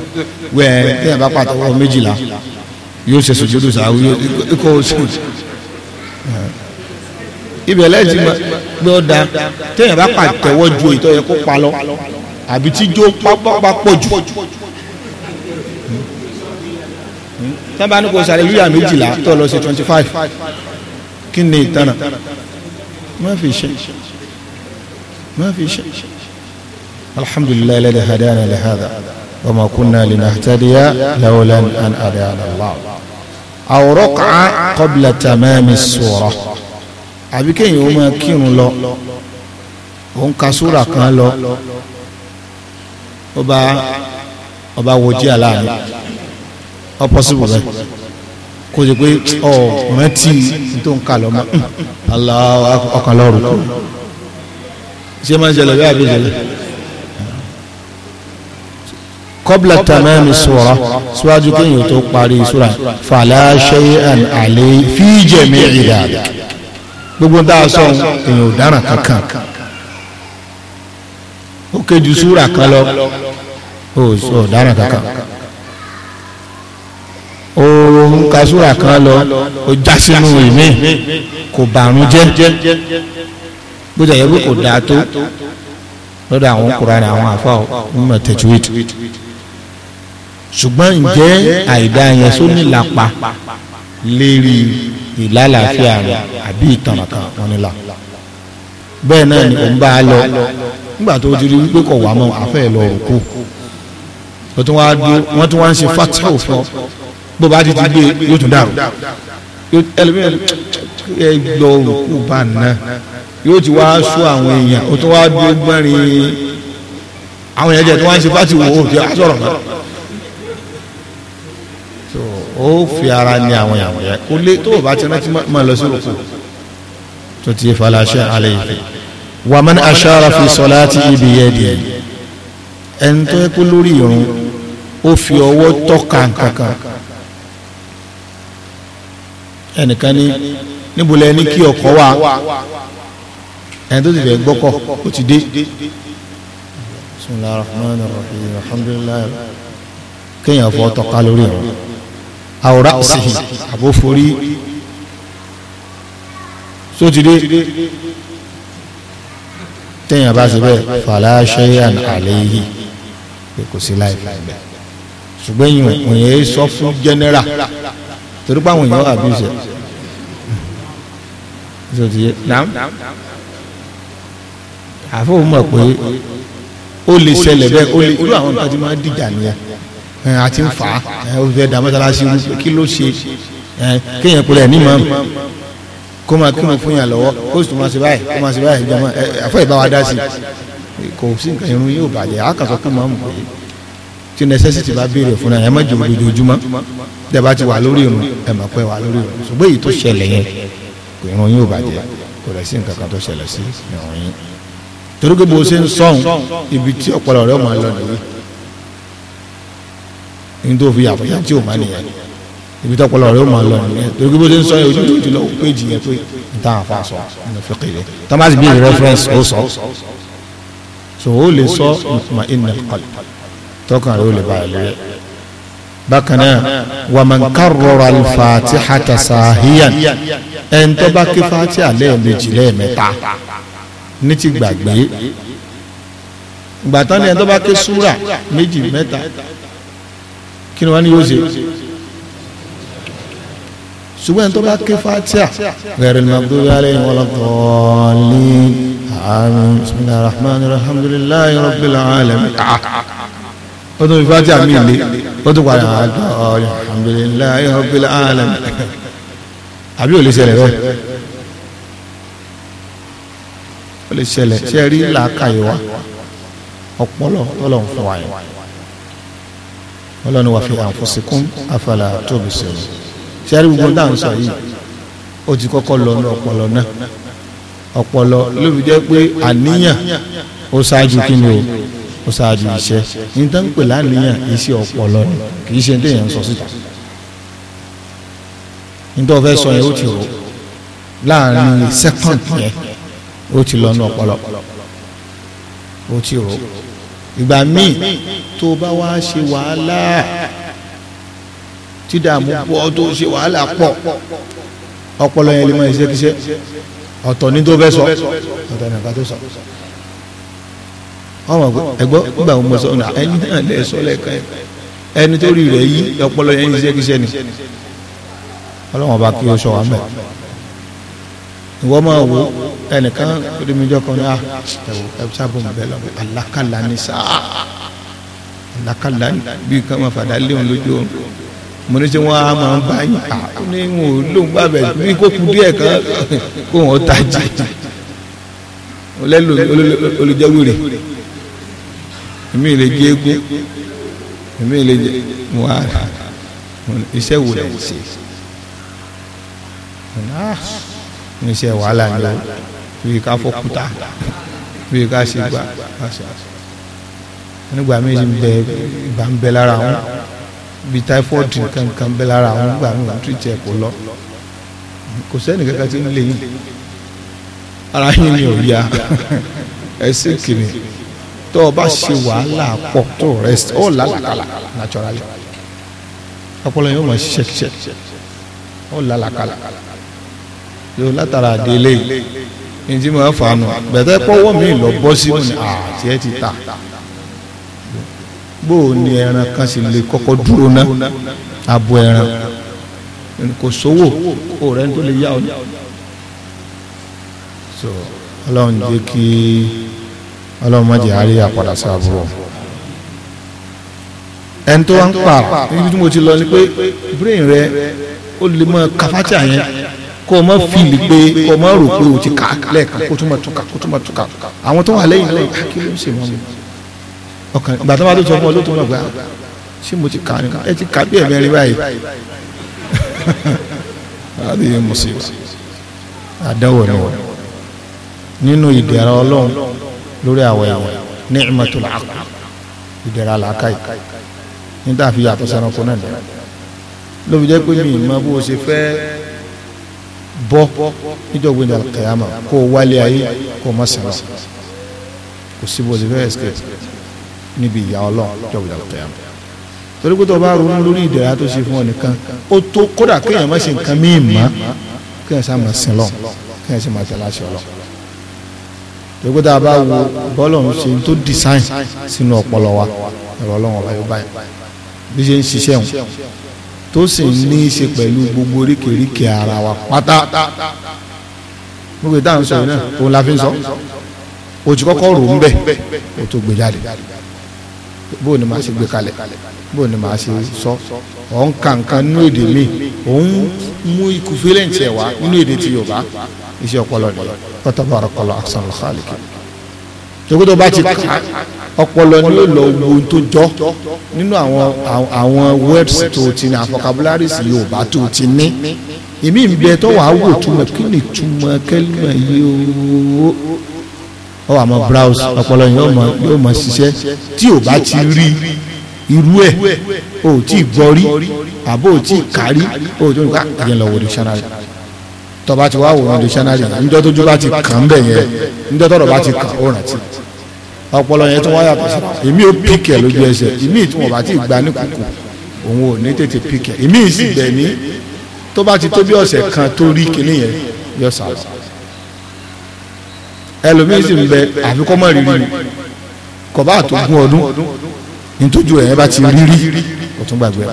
wẹ̀ẹ́ tẹ̀yìn bá pàtó ọ̀rọ̀ méjìlá yóò ṣe sùjúdù sàáwú ikọ̀ oṣù ibẹ̀ lẹ́yìn tí ó da tẹ̀yìn bá pàtẹ́wọ́ ju ìtọ́ yẹ kó pa lọ àbí tí jó pápá pọ̀ jù tábà ní kò sàlẹ̀ yúyà méjìlá tó lọ sí twenty five kí ni ìtànà má fi ṣe má fi ṣe. الحمد لله الذي هدانا لهذا وما كنا لنهتدي لولا أن هدانا الله أو ركعة قبل تمام السورة àbí kéèyàn ó máa kírun lọ òun ka súra kan lọ ó bá ọba wojú aláàánú ọ pọ́sibù rẹ kó o ṣe pé ọ rántí tó ń kà lọ mọ aláwọ ọkàn lọrùn ṣé máa ń ṣẹlẹ̀ bí àbí ìṣẹ̀lẹ̀ kọ́bla tamami sura síwájú kéèyàn tó parí sura fala shay'an alay fi jami'i dhalika gbogbo ń dáa sọ èèyàn ò dáràn kankan ó kéjú sura kan lọ ó sọ ò dáràn kankan oorun ka sura kan lọ ó já sínú ìmí kò bàrún jẹ́ bó jẹ́ yẹ kó dáa tó lọ́dọ̀ àwọn Kùránì àwọn àfa ọmọ tẹ̀júwìtì ṣùgbọ́n ǹjẹ́ àìdá yẹn só ní lápá lérí ìlàlàáfíà rẹ àbí ìtànàkàn wọn ni la bẹ́ẹ̀ náà ni òun bá a lọ nígbà tó ti rí wípé kọ̀ wá mọ́ àfẹ́ lọ òkú wọ́n tún wá dúró wọ́n tún wá ń ṣe fatiha òfin bó bá ti ti gbé yóò tún dàrú ẹlòmíràn ẹ gbọ́ òkú bá náà yóò ti wá sú àwọn èèyàn ó tún wá dúró gbọ́nrin àwọn èèyàn jẹ́ tí wọ́n ń ṣe fatiha òfin àṣọ̀rọ̀ náà ó fi ara ní àwọn ìyàwó yẹn kó lé tó o bá ti rántí máa lọ sí òkú tó ti falasẹ́ alẹ́ yìí wà á mẹ́ni aṣáára fi sọlá ti ibi yẹ díẹ̀ ẹni tó yẹ kó lórí irun ó fi ọwọ́ tọ́ka nǹkankan ẹnìkan ní níbo ní kí ọkọ̀ wà ẹni tó ti fẹ́ gbọ́kọ̀ ó ti dé bismillahir rahmanir rahim alhamdulillah kéèyàn fọ́ tọ́ka lórí irun àwòrán ọ̀sìn àbóforí sótìdé téèyàn bá ṣe bẹ́ẹ̀ fala shay'an alayhi pé kò sí láì láì bẹ́ẹ̀ ṣùgbọ́n èèyàn sọ fún general torí pé àwọn èèyàn abuse sótìdé nàám àfọwọ́ mọ̀ pé ó lè ṣẹlẹ̀ bẹ́ẹ̀ ó lè irú àwọn nǹkan tí máa dìjà nìyẹn ẹ àti fa fà á ẹ o fẹ́ da mọ́sálásí kí ló ṣe ẹ kéèyàn kúrẹ́ ní mọ́ kó máa kí mo fún yàn lọ́wọ́ kó sì tún máa ṣe báyìí kó máa ṣe báyìí jọmọ ẹ àfọ ìbá wa dá sí kò sí nǹkan irun yóò bàjẹ́ a kàn sọ fún màmú pé tí necessity bá béèrè fún ẹ má jòwó lójoojúmọ́ tẹ́ bá ti wà lórí irun ẹ má pẹ́ wà lórí irun ṣùgbọ́n èyí tó ṣẹlẹ̀ yẹn kò irun yóò bàjẹ́ kò rẹ̀ sí nǹkan kan tó ṣẹlẹ̀ sí irun yẹn torí pé bó ṣe ń sọ̀hún ibi tí ọpọlọ rẹ̀ máa lọ nìyí ní tó fi yàfọ̀yà tí ò má nìyẹn ibi tó kọlọ̀ rẹ̀ ó máa lọ nìyẹn torí kí bó ṣe ń sọ yẹn ojú tó ti lọ péjì yẹn pé n ta àfa sọ nínú fi kéde thomas bíi reference ó sọ so ó lè sọ ìfuma iná kọlì tọkàn rẹ̀ ó lè báyìí lóye bákan náà rọra fatiha tasahiyan ẹ̀ ń tọ́ bá kí fatiha lẹ́ẹ̀mejì ní ti gbàgbé gbàtán ni ẹ̀ kí súra méjì mẹ́ta kí ni wọ́n ní yóò ṣe ṣùgbọ́n ẹni tó bá ké fatia ghayril maghdubi alayhim waladdallin àmín bismillahir rahmanir rahim alhamdulillahi rabbil alamin ah, ó tún fi fatia mi lé ó tún padà àjọ alhamdulillahi rabbil alamin àbí ò lè ṣẹlẹ̀ bẹ́ẹ̀ ó lè ṣẹlẹ̀ ṣe rí làákàyè wa ọpọlọ tó fún wa yẹn. ọlọ́ni wà fi àǹfọ̀sìnkún afala tóbi sẹ́rí gbogbo ń sọ lọ ní ọpọlọ ọpọlọ pé àníyàn ó o ó ṣáájú iṣẹ́ ní tó pè láníyàn iṣẹ́ ọpọlọ ni kì í ṣe ní téèyàn sọ síta sọ yẹn ó ti rò láàrin yẹn ó ti lọ ní ọpọlọ ó ti rò ìgbà míì tó bá wá ṣe wàhálà tí dààmú pọ̀ tó ṣe wàhálà pọ̀ ọpọlọ yẹn lè mọ ìṣekíṣe ọ̀tọ̀ ní tó fẹ́ sọ ọ̀tọ̀ ní àgbà tó sọ ọmọ ẹgbọ́ nígbà wo mo sọ ọ̀nà ẹni náà lè sọ lẹ́ẹ̀kan ẹni tó rí rẹ̀ yí ọpọlọ yẹn ìṣekíṣe ni ọlọ́wọ́n bá kí o sọ wa mẹ́rin ìwọ máa wò ẹnìkan rímijọ́ kan ní ah, ẹ̀wọ̀ ẹ̀sábò bẹ́ẹ̀ lọ alákàlà ní sáà alákàlà bí kan máa fàdá léwọn lójú òun mo ní ṣe wọn á máa ń bá yín à ó ní wọn ò lóun bá bẹ̀ bí kò kú díẹ̀ kan kó wọn ta jì olẹ́lu olùjẹ́wìrì èmi lè jẹ́ egun èmi lè jẹ́ wọn iṣẹ́ wò lẹ́yìn ṣe iṣẹ́ wàhálà ni o bíi ká fọkúta bíi ká ṣe gbà ká ṣe nígbà méjì ń bẹ ìbá ń bẹ lára wọn bíi táífọ́ọ̀dù kankan ń bẹ lára wọn nígbà míì tún jẹ kó lọ kò sẹ́ni kankan tí ń lè yín ara yín ni ò yá ẹ sì kìnnì tó o bá ṣe wàhálà pọ̀ tó o rest ó làlàkàlà naturally ọpọlọ yóò mọ̀ ṣiṣẹ́ ṣiṣẹ́ ó làlàkàlà yóò látara délé ní tí mo fà nù bẹ̀tẹ̀ pọ́wọ́ mi lọ bọ́ sínú ni àti ẹ ti ta bó o ní ẹran kan sì lè kọ́kọ́ dúró ná abo ẹran kò sówó o rẹ̀ tó lè yá o ní. ọlọ́run jẹ́ kí ọlọ́run má jẹ́ àárẹ̀ àpàdà sábọ̀ ẹni tó wá ń pa níbi tí mo ti lọ ni pé brain rẹ ó lè mọ kafájà yẹn kó o mọ fíìlì pé kó o mọ rò pé o ti kà lẹ́ẹ̀kan kó o tún mọ túkà kó o tún mọ túkà àwọn tó wà lẹ́yìn náà ah, kí ló ń ṣe mọ́ mi ọkàn ìgbà tó bá tó sọ fún ọ ló tó mọ̀ pé ṣé mo ti kà ní ah, ẹ ti kà bí ẹ̀mẹ́ rí báyìí láti yẹ mọ̀ sí àdáwọ̀ ni wọ̀ nínú ìdẹ̀ra ọlọ́run lórí àwọ̀ ẹ̀wọ̀ ní ni'matul aql ìdẹ̀ra làákàyè níta fi yàtọ̀ sẹ́nu kún náà ló fi bọ́ níjọ̀gbìn ní alkiyama kó o wálé ayé kó o má sẹ́wà kò sí bó o ti fẹ́ escape níbi ìyá ọlọ́run níjọ̀gbìn o bá ronú lórí ìdẹ̀ra tó ṣe fún ọ nìkan ó tó kódà kéèyàn má ṣe nǹkan míì mọ́ kéèyàn sá máa sin lọ kéèyàn sì máa tẹ̀lé àṣẹ ọlọ torí pé tá a bá wo bọ́ọ̀lù tó design sínú ọpọlọ wa ẹ̀rọ ọlọ́run ọba yóò báyìí bí ṣe ń wọn tó sì ń ní í ṣe pẹ̀lú gbogbo oríkèéríkèé ara wa pátá gbogbo ìdá ń náà òun la fi ń sọ o ti kọ́kọ́ rò ń bẹ̀ o tó gbé jáde bó ni màá ṣe gbé kalẹ̀ bó ni màá ṣe sọ ọ̀ ń ka nǹkan nínú èdè mi òun mú ikú fílẹ̀ǹtì ẹ̀ wá nínú èdè ti Yorùbá iṣẹ́ ọpọlọ ni pátábàrọ̀ kọlọ àṣàlùkọ́ àlèkè. tó kó tó bá ti kà á ọpọlọ ni ó lọ wo ohun tó jọ nínú àwọn àwọn words tó ti ní vocabularies yorùbá tó ti ní èmi ń bẹ tó wàá wò túmọ̀ kí ni túmọ̀ kẹ́límọ̀ yìí ó wà mọ browse ọpọlọ yìí yóò mọ ṣiṣẹ́ tí ò bá ti rí irú ẹ̀ o tí gbọ́rí àbó o tí kárí o tó nípa ìyẹn lọ wò dictionary tọba ti wá wò wọn dictionary níjọ́ tójú bá ti kàn ń bẹ yẹn níjọ́ tọrọ bá ti kàn ó rántí ọpọlọ yẹn tó wá yàtọ̀ sí ìmí ò píkẹ̀ lójú ẹsẹ̀ ìmí tí wọn bá ti gbà ní kùkù òun ò ní tètè píkẹ̀ ìmí sì bẹ̀ ní tó bá ti tó bí ọ̀sẹ̀ kan tó rí kinní yẹn yọ sá ẹlòmíín sì ń bẹ àfikọ́ mọ́ rírí kò bá tó gún ọdún nítòjú rẹ̀ yẹn bá ti rírí kò tún gbàgbé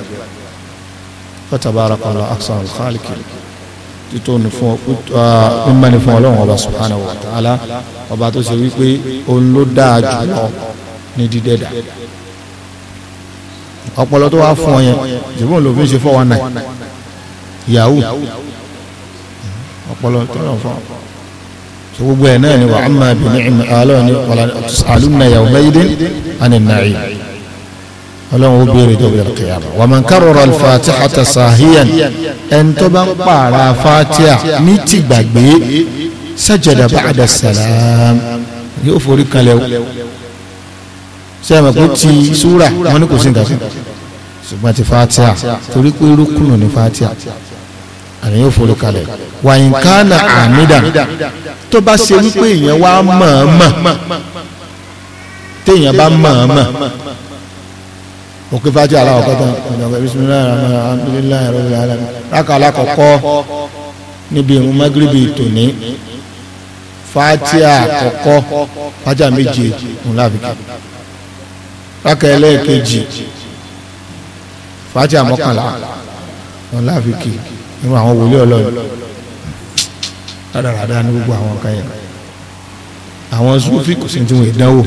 wa tabaarakallahu ahsanul khaliqin títò ní fún mímọ́ ní fún ọlọ́run ọba subhanahu wa ta'ala ọba tó ṣe wípé òun ló dáa jù lọ ní dídẹ́dà ọpọlọ tó wá fún ọ yẹn jùbọ́n ló fi ń ṣe fọ́ wọn náà yahoo ọpọlọ tó lọ fún ọ so gbogbo ẹ̀ náà ni wàhálà bìnnìyàn alọ́ ni wàhálà alumna yawmaidin àni nàìjíríà ọlọ́run ó béèrè dọ̀bí alkiyama wa man karora alfatihata sahiyan ẹni tó bá ń pààrà fatiha ní ti gbàgbé sajada ba'da salam yóò forí kalẹ̀ o sẹ́yìn kò ti súra wọn ni kò sí nǹkan fún ṣùgbọ́n ti fatiha torí pé rúkúnù ní fatiha àní yóò forí kalẹ̀ wa in kana tó bá ṣe wípé èèyàn wá mọ̀ọ́mọ̀ téèyàn bá mọ̀ọ́mọ̀ òkè fati aláwọ̀ kọ́tàn ọ̀dọ̀gbẹ́ bisimilayi rahman alhamdulilayi rabbil alamin rákà alákọ̀ọ́kọ́ níbi ìrun magrebi tòní fati àkọ́kọ́ fati àméjì ńlábìkì rákà ẹlẹ́ẹ̀kejì fati àmọ́kànlá ńlábìkì nínú àwọn wòlíì ọlọ́run rádaràdá ní gbogbo àwọn kan yẹn àwọn sufi kò sí ní tí wọ́n ìdánwò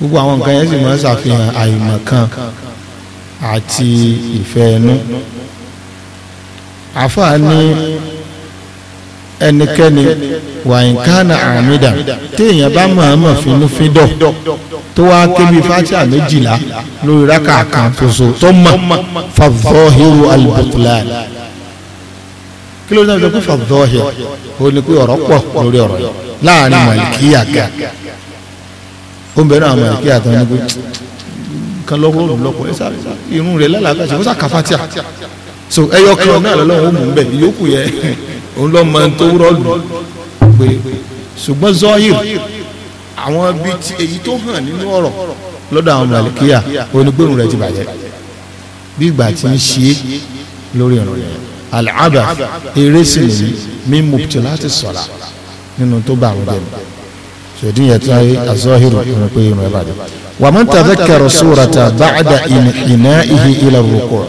gbogbo àwọn nǹkan yẹn sì máa ń ṣàfihàn àìmọ̀kan àti ìfẹ́ ẹnu àfáà ní ẹnikẹ́ni wàyínkánà àmìdá téèyàn bá mọ̀ọ́mọ̀ finúfíndọ̀ tó wá kébí fátíà méjìlá lórí rákà kan ṣoṣo tó mọ̀ fàvọ́hìrù alìbùtùlá kí ló ń sọ pé fàvọ́hìrù ó ní pé ọ̀rọ̀ pọ̀ lórí ọ̀rọ̀ láàrin màlìkíyà kan ó ń bẹ náà àmọ́ ìkí àtàwọn ẹgbẹ́ kan lọ́wọ́ olùlọ́pọ̀ ẹ sá irun rẹ̀ lálàáfíà ó sá kàfátíà so ẹyọ kan náà lọ́wọ́ ó mú un bẹ̀ ìyókù yẹ òun lọ́ mọ tó rọ́ọ̀lù pé ṣùgbọ́n zọ́yìn àwọn ibi èyí tó hàn nínú ọ̀rọ̀ lọ́dọ̀ àwọn màlìkíyà onígbòrùn rẹ̀ ti bàjẹ́ bí ìgbà tí ń ṣe lórí ọ̀rọ̀ yẹn alaba eré sì nìyí mímú tí láti sọ̀la nínú tó bá àwọn bẹ̀rù sòdí yẹn tí azọ́hìrù rẹ̀ pé irun ẹ̀ bàjẹ́. wà man tadhakkara surata ba'da ina'ihi ila ruku'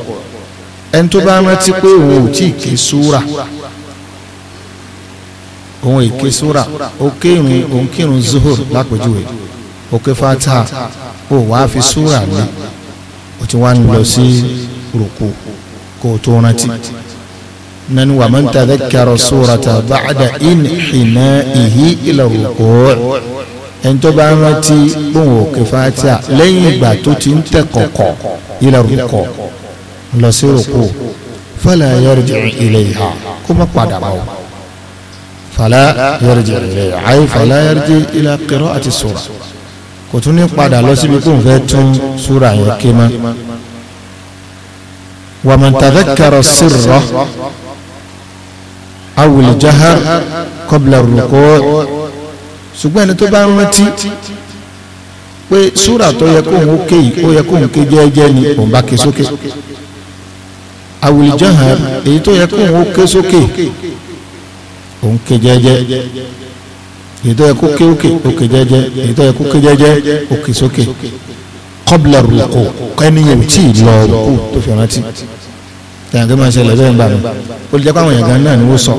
ẹni tó bá rántí pé òun ò tí ì ké súra òun èké súra ó kírun òun kírun fi nani wa man tadhakkara surata ba'da inhinaihi ila ruku' ẹni tó bá rántí bóun ò ké fatia lẹ́yìn ìgbà tó ti ń tẹ̀ kọ̀kọ̀ ila ruku' lọ sí ruku' fala yarji'u ilayha kó má padà bá wọn fala yarji'u ilayha ayi fala yarji'u ila qira'ati sura kò tún ní padà lọ síbi kó n fẹ́ tún súra yẹn ké mọ́ wa man tadhakkara sirra awul jahar kọbla rúkọ ṣùgbọ́n ẹni tó bá ń rántí pé súrà tó yẹ kóun ó ké yìí ó yẹ kóun ké jẹ́ẹ́jẹ́ ni òun bá ké sókè awul jahar èyí tó yẹ kóun ó ké sókè òun ké jẹ́ẹ́jẹ́ èyí tó yẹ kó ké òkè òkè jẹ́ẹ́jẹ́ èyí tó yẹ kó ké jẹ́ẹ́jẹ́ òkè sókè kọbla rúkọ kẹ́ni yẹn ò lọ òkú tó fi rántí tẹ̀yìn kí máa ṣẹlẹ̀ bẹ́ẹ̀ ń bà mí olùjẹ́ pé àwọn èèyàn gan náà ni wọ́n sọ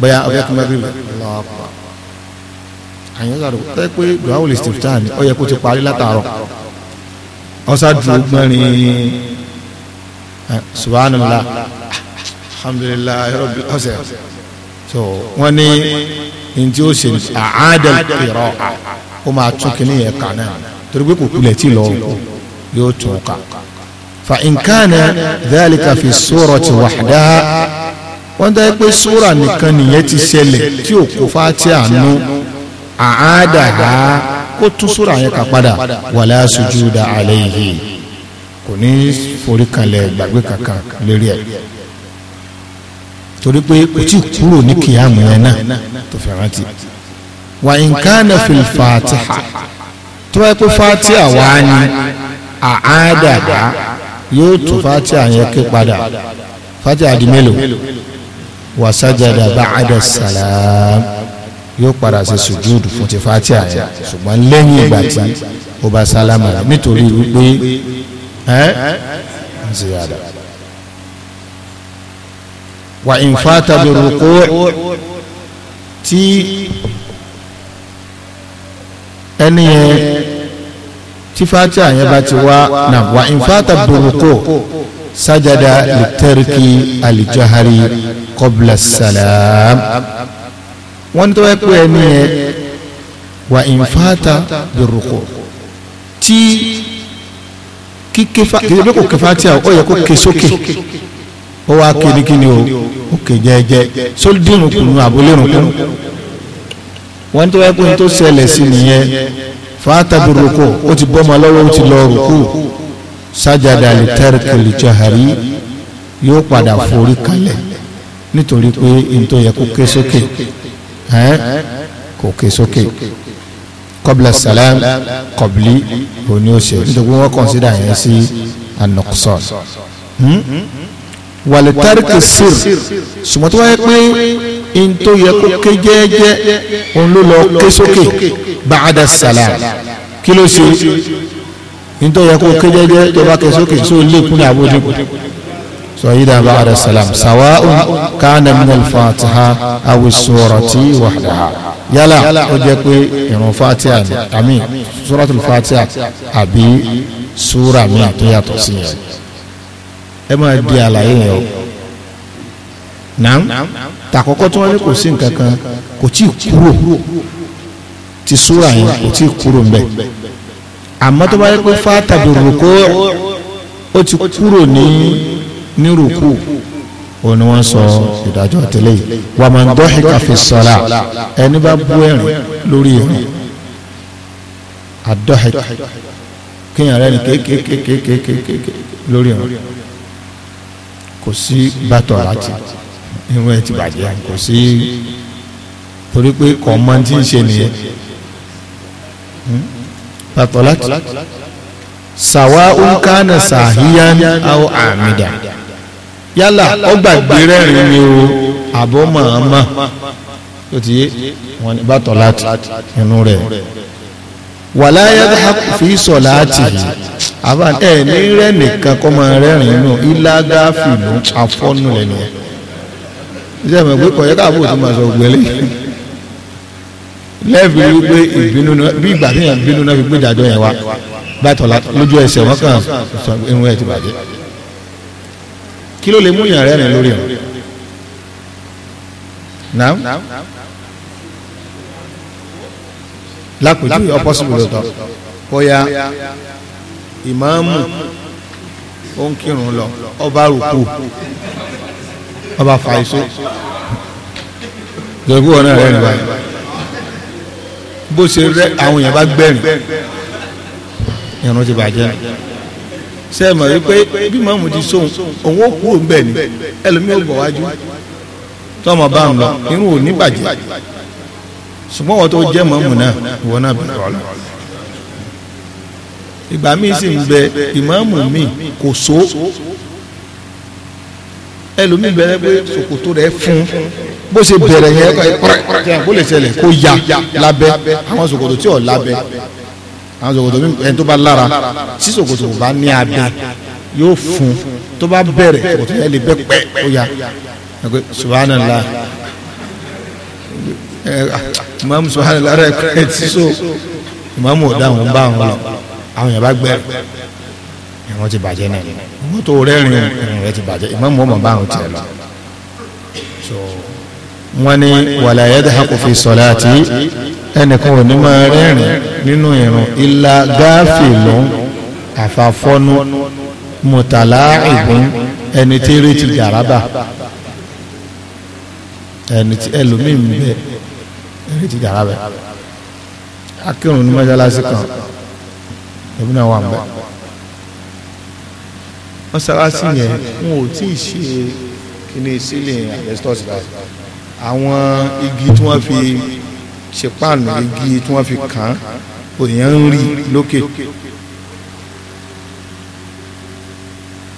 bóyá ọ̀yẹ́ kí mẹ́rin lọ́pọ̀ àyìn sàrò tẹ́ pé duawo lè ṣe ni ó yẹ kó ti parí látàárọ̀ ọ̀sá dùn gbọ́nrin subhanallah alhamdulillah rabbil ọ̀sẹ̀ so wọ́n ní ní tí ó ṣe àádẹ́ ìrọ̀ ó máa tún kínní yẹn kà náà torí pé kò kulẹ̀ tí lọ́ọ́ yóò tún kà kà. فإن كان ذلك في السورة وحدها wọ́n dá pé súrà nìkan nìyẹn ti ṣẹlẹ̀ tí ò kó fatiha nù àádàdá kó tún súrà yẹn kà padà wàlá sujuda alayhi kò ní forí kalẹ̀ gbàgbé kankan lérí ẹ̀ torí pé kò tí kúrò ní kìyàmù yẹn náà tó fi rántí. wà in kana fil fatiha tó wáyé pé fatiha wá ní àádàdá yóò tún fatiha yẹn ké padà fatiha di mélòó wasajada ba'da salam yóò padà sí sùjúdù fún ti fatiha yẹn ṣùgbọ́n lẹ́yìn ìgbà tí ó bá sálámà nítorí wípé ẹ́ ziyada wa in fata bi ruku' tí ẹni yẹn tí fatiha yẹn bá ti wá na wa infata buruko sajada litariki alijahari kọbla salam wọ́n ní tó wá pé ẹni yẹn wa infata buruko tí kíké kíké bí kò kó ké sókè ó wá ké ní kíni o ó ké jẹ́jẹ́ sódìrún kùnú àbúlé rùn kùnú wọ́n tó wá pé tó ṣẹlẹ̀ sí nìyẹn fàtàbí rúkú ó ti bọ́ ma lọ́wọ́ ó ti lọ rúkú sájàdà lè tẹ́rìkìlì jahari yóò padà forí kalẹ̀ nítorí pé ntọ́ yẹ kó ké sókè ẹ́ kó ké sókè kọ́bílà sàlám kọ́bílì òní òsè nítorí wọ́n kọ́nsídà yẹn sí anọ́kùsọ̀ wàlẹ̀ sír sùmọ́tò wáyé pé in tó yẹ kó ké jẹ́ẹ́jẹ́ òun ló lọ ké sókè bàdà sàlám kí ló ṣe in tó yẹ kó ké jẹ́ẹ́jẹ́ tó bá ké sókè tó lè kúnlẹ̀ àbójúkú sọyídà bàdà sàlám sàwáhùn kánà minal fatiha awi sọrọtì wahdaha yálà ó jẹ pé ìrun fatiha ni àmì suratul fatiha àbí sura mi àtúnyàtọ̀ sí yẹn ẹ máa di àlàyé yẹn o naam tàkọ́kọ́ tí wọ́n ní kò sí nǹkan kan kò tí ì kúrò ti súra yẹn kò tí ì kúrò mbẹ àmọ́ tó bá yẹ pé fàtàbí rúkó ó ti kúrò ní ní rúkú ó ní wọ́n sọ ìdájọ́ tẹ́lẹ̀ yìí wà máa ń dọ́hìn káfí sọ́la ẹni bá bú ẹ̀rín lórí ẹ̀rín àdọ́hìn kéèyàn rẹ̀ ní kéékèèkéèkéèkéèké lórí ẹ̀rín kò sí bàtọ̀ láti. irun ẹ ti bàjẹ́ kò sí torí pé kọ̀ọ̀mọ́ ti ń ṣe nìyẹn pàtọ́láti hmm? sàwa ònkánà sàhíyán aw àmìdá yálà ó gbàgbé rẹ́rìn ni o àbọ̀ màmá ti yé wọn ni inú rẹ̀ wàlá fi àbá ẹ̀ ní rẹ́ nìkan kọ́ máa rẹ́rìn ilá afọ́nù ṣé ẹ mọ̀ pé kọ̀yẹ́ káàbò tó máa sọ gbẹ́lẹ́ lẹ́ẹ̀fì wípé ìbínú bí ìgbà tí yẹn bínú náà fi gbé ìdájọ́ yẹn wá bàtọ̀ lójú ẹsẹ̀ wọn kàn sọ irun ẹ̀ ti bàjẹ́ kí ló lè mú yàn rẹ̀ rìn lórí rẹ̀ naam lápèjúwe ọpọsibú lóòótọ́ bóyá ìmáàmù ó ń kírun lọ ọba rùkú ọba fa iṣó lọ́gbọ́n wọn náà rẹ̀ nígbà bó ṣe rẹ àwọn èèyàn bá gbẹ̀rìn ìrún ti bàjẹ́ ṣe é mọ̀ wípé bí mọ́mù ti sóhun òun ó kúrò ń bẹ̀ ni ẹlòmíì ò bọ̀ wájú tọmọ bá ń lọ irun ò ní bàjẹ́ ṣùgbọ́n wọn tó jẹ́ mọ́mù náà ìwọ náà bẹ̀rẹ̀ ọ̀la ìgbà míì sì ń bẹ ìmọ̀ọ́mù míì kò só ẹlòmíì bẹ̀rẹ̀ pé ṣòkòtò rẹ̀ fún bó ṣe bẹ̀rẹ̀ yẹn kọ́rẹ́ kó lè ṣẹlẹ̀ kó ya lábẹ́ àwọn ṣòkòtò tí ò lábẹ́ àwọn ṣòkòtò ẹni tó bá lára tí ṣòkòtò kò bá ní abẹ́ yóò fún tó bá bẹ̀rẹ̀ ṣòkòtò yẹn lè bẹ́ pẹ́ kó ya subhanallah ah, mọ̀mú subhanallah rẹ̀ kúrẹ́ tí so mọ̀mú ọ̀dà àwọn bá àwọn lọ àwọn yàrá gbẹ̀rẹ̀ wọ́n ti bàjẹ́ náà mọ́tò rẹ́rìn ìrìn rẹ̀ ti bàjẹ́ ìmọ̀ mọ́ mọ́ bá àwọn tiẹ̀ lọ. wọ́n ní wala yadhaku fi salati ẹnìkan ò ní máa rẹ́rìn nínú ìrun illa ghafilun àfàfọ́nú mutala'ibun ẹni tí rí ti gàràbà ẹni tí ẹlòmíì bẹ rí ti gàràbà akírun ní mọ́ṣáláṣí kan ẹbí náà wà ń mọ́sálásí yẹn wọn ò tí ì ṣe kíní sílẹ̀ asbestos báyìí àwọn igi tí wọ́n fi ṣe páànù igi tí wọ́n fi kàn án òyìn ń rí lókè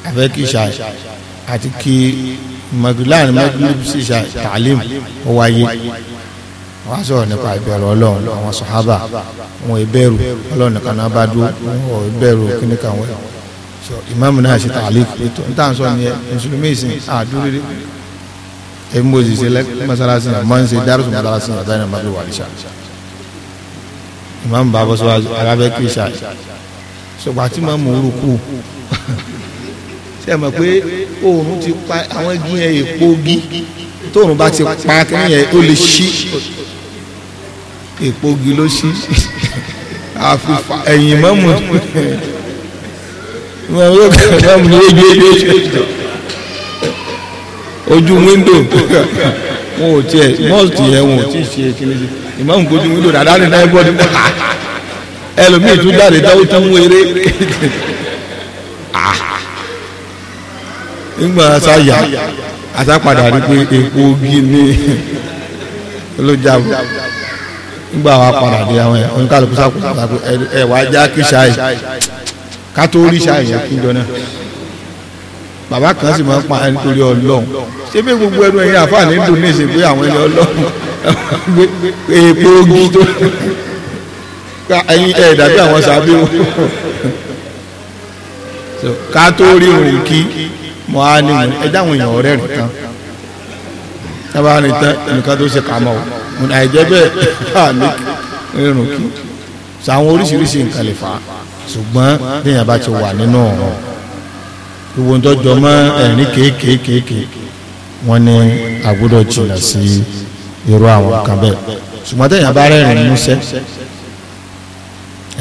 abẹ́ kí ṣáà àti kí magulan magulubsi ṣáà tàlim ó wáyé wọ́n á sọ̀rọ̀ nípa ìbẹ̀rù ọlọ́run àwọn sọ̀hábà wọn ìbẹ̀rù ọlọ́run nìkan náà bá dúró wọn ìbẹ̀rù kíníkà wọn so ìmáàmù náà ṣe tààlí ètò níta sọ ni mùsùlùmí ìsìn àdúrérè èmi bó ṣe ṣe mọ́sálásí náà mọ́ ń ṣe dárúṣù mọ́sálásí náà dáná máa fi wà ní ṣá ìmáàmù bá bọ́ síwájú arábẹ́ kì í ṣá ṣùgbọ́n àti máa mú orú kú ṣe mọ̀ pé oòrùn ti pa àwọn igi yẹn èpo gi tóòrùn bá ti pa kí yẹn ó lè ṣí èpo gi ló ṣí àfi ẹ̀yìn mọ́mù. ojú wíńdò wọn ò tiẹ̀ mọ́ọ̀tì yẹn wọn ò tí ì ṣe kíni sí ìmáàmù kojú wíńdò dáadáa ní náà bọ́ọ̀dì ẹlòmíì tún dáre dáwọ́ tán wéré ah. nígbà sáyà àtàpadà rí pé epo ogi ní ló jábọ̀ nígbà wa padà dé àwọn ẹ̀ oníkàlùkù sákòókò ẹ̀ wá já kíṣà yìí kátó oríṣà yẹn kíjọ náà bàbá kan sì máa ń pa ẹni torí ọlọ́run ṣé bí gbogbo ẹnu ẹ̀yìn àfààní ń dùn ní ìsìn pé àwọn ẹni ọlọ́run èèpo ogi tó ẹyin ẹ̀ dàbí àwọn sábẹ́ o kátó orí òrìn kí mo á ní mu ẹ dáhùn èèyàn ọ̀rẹ́ rìn kan tábà rìn tán nìkan tó ṣe kàmọ́ o àìjẹ́ bẹ́ẹ̀ àmì rìn kí sàwọn oríṣiríṣi nǹkan lè fà á ṣùgbọ́n bẹ́ẹ̀ bá ti wà nínú ọ̀run ìwò ńdọ́jọ́ mọ́ ẹ̀rín kéékèèkéèké wọ́n ní àgbọ́dọ̀ jìnnà sí irú àwọn kan bẹ́ẹ̀ ṣùgbọ́n tẹ̀yìn bá rẹ́rìn músẹ́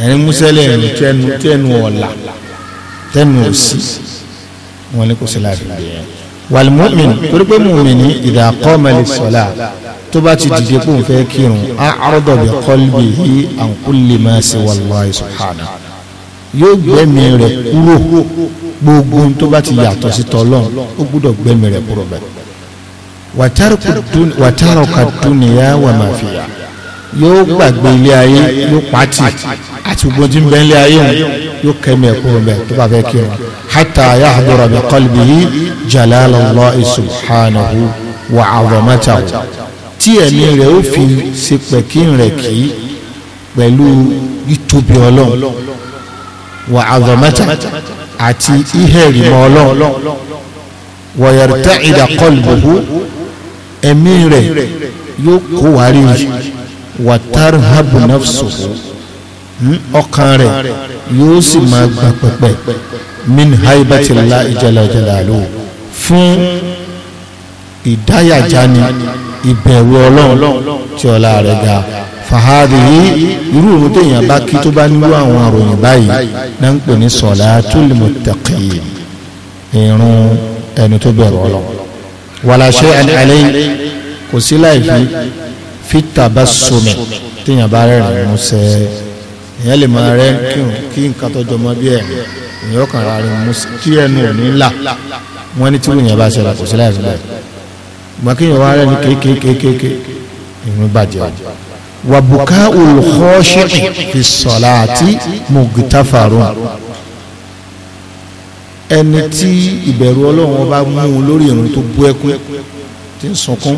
ẹ̀rín músẹ́ lẹ́rìn tẹnu tẹnu ọ̀la tẹnu òsì wọ́n ní kò sí láti gbé yẹn e. wàlmọ́mìn torí pé mùmìnì ìdá kọ́mẹ́lì sọ́lá tó bá ti dìde kó n fẹ́ kírun á àrọ́dọ̀ bí kọ́lbì yìí à máa ṣe wàlúwàá subhanahu yóò gbẹ̀mí rẹ̀ kúrò gbogbo tó bá ti yàtọ̀ sí tọ́lọ́n ó gbúdọ̀ gbẹ̀mí rẹ̀ kúrò bẹ́ẹ̀. wàtárọ̀ ka dúnìyà wà máa fi yà yóò gbàgbé ilé ayé yóò pàtì àti gbogbo tí ń bẹ ilé ayé wọn yóò kẹ́mi ẹ̀ kúrò bẹ́ẹ̀ tó bá fẹ́ kí wọn. hatta yahdura bi qalbihi jalalallahi subhanahu wa azamatahu tí ẹ̀mí rẹ̀ ó fi ṣe pẹ̀kín rẹ̀ kì í pẹ̀lú ìtóbi ọlọ́run wà azọmẹta àti ihẹrì mọ Ọlọ́run wọyẹrìtẹ ìdàkọlùbùhù ẹ̀mí rẹ̀ yóò kó wárí wàtàrí habu nafsu hmm, ọkàn rẹ̀ yóò sì máa gbà pẹpẹ min haibatila ìjẹlẹjẹlẹlò fún ìdáyàjáni ìbẹ̀rù Ọlọ́run tí ọlá rẹ̀ ga fàhádìí irú òun téèyàn bá kí tó bá nílò àwọn àròyìn báyìí náà ń pè ní salatul muttaqin irun ẹni tó bẹ̀rù Ọlọ́run wala shay'an alayhi kò sí láìfi fi tabassumi téèyàn bá rẹ̀rìn músẹ́ èèyàn lè máa rẹ́ kí nǹkan tó jọmọ bí ẹ̀ èèyàn kàn rà rẹ̀ músẹ́ kí ẹnu ò ní là wọ́n ní tí wòyàn bá ṣẹlẹ̀ kò sí láìfi láìfi gbàkíyàn wá rẹ̀ ní kéékèèké ìrún bàjẹ́ ọ̀jọ̀ wàbùká olùkọ́ṣẹ́ fi sọ̀láàtì mọ̀gítàfàrọ̀ ẹni tí ìbẹ̀rù ọlọ́run ọba mú un lórí ìrun tó bú ẹkún tí ń sunkún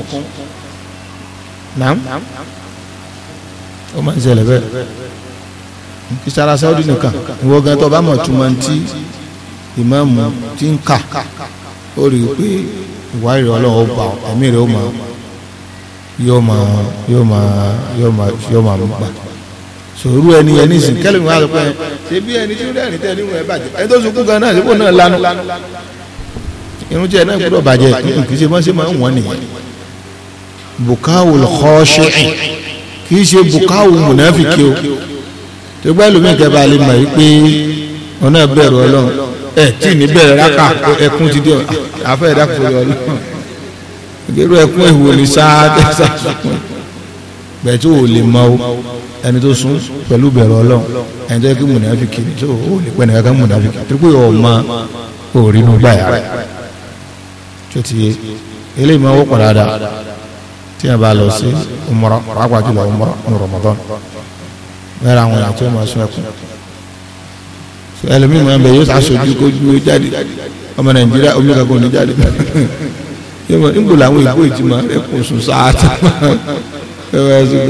naam ó máa ń ṣẹlẹ̀ bẹ́ẹ̀ ìṣara sáúdì nìkan ìwọ tó bá mọ̀ túmọ̀ tí ìmáàmù ti ń kà ó rí i pé ìwà ìrẹ̀ ọlọ́run ọba ẹ̀mí rẹ̀ ó máa yóò máa yóò máa yóò máa yóò máa mú pa sòrú ẹni yẹn nísìnyí kẹlẹ́mi wà lọ́pọ̀ yẹn ṣé bí ẹni tí ó rẹ́rìn tẹ́ níwọ̀n ẹ bàjẹ́ ẹni tó sunkún gan náà sípò náà lanu irun tí ẹ náà gbọ́dọ̀ bàjẹ́ kì í ṣe mọ́ṣẹ́ máa ń wọ́n nìyẹn bukawu khashi'in kì í ṣe bukawu munafiki o tó gbá ẹlòmíì kẹ́ bá lè mọ̀ yìí ọ̀nà bẹ̀rù ọlọ́run ẹ̀ tí ì ní bẹ̀rẹ̀ rákà ẹkún ti dé àfẹ́ ẹ̀dá ọlọ́run ìgbéró ẹkún ìwò ni sáájú sàkún bẹ́ẹ̀ tí ò lè mọ o ẹni tó sún pẹ̀lú bẹ̀rẹ̀ Ọlọ́run ẹni tó yẹ kí mùnàfíkì tó ò lè pẹ nìkan mùnàfíkì tó ọmọ gbàyà tó ti yé eléyìí máa wọ́pọ̀ dáadáa tí a bá lọ sí umra pàápàá jùlọ umra ní Ramadan àwọn èèyàn tó máa yọmọ níbo làwọn èkó ìjìmọ ẹkùn sùn sáàtà ẹwà ẹsùn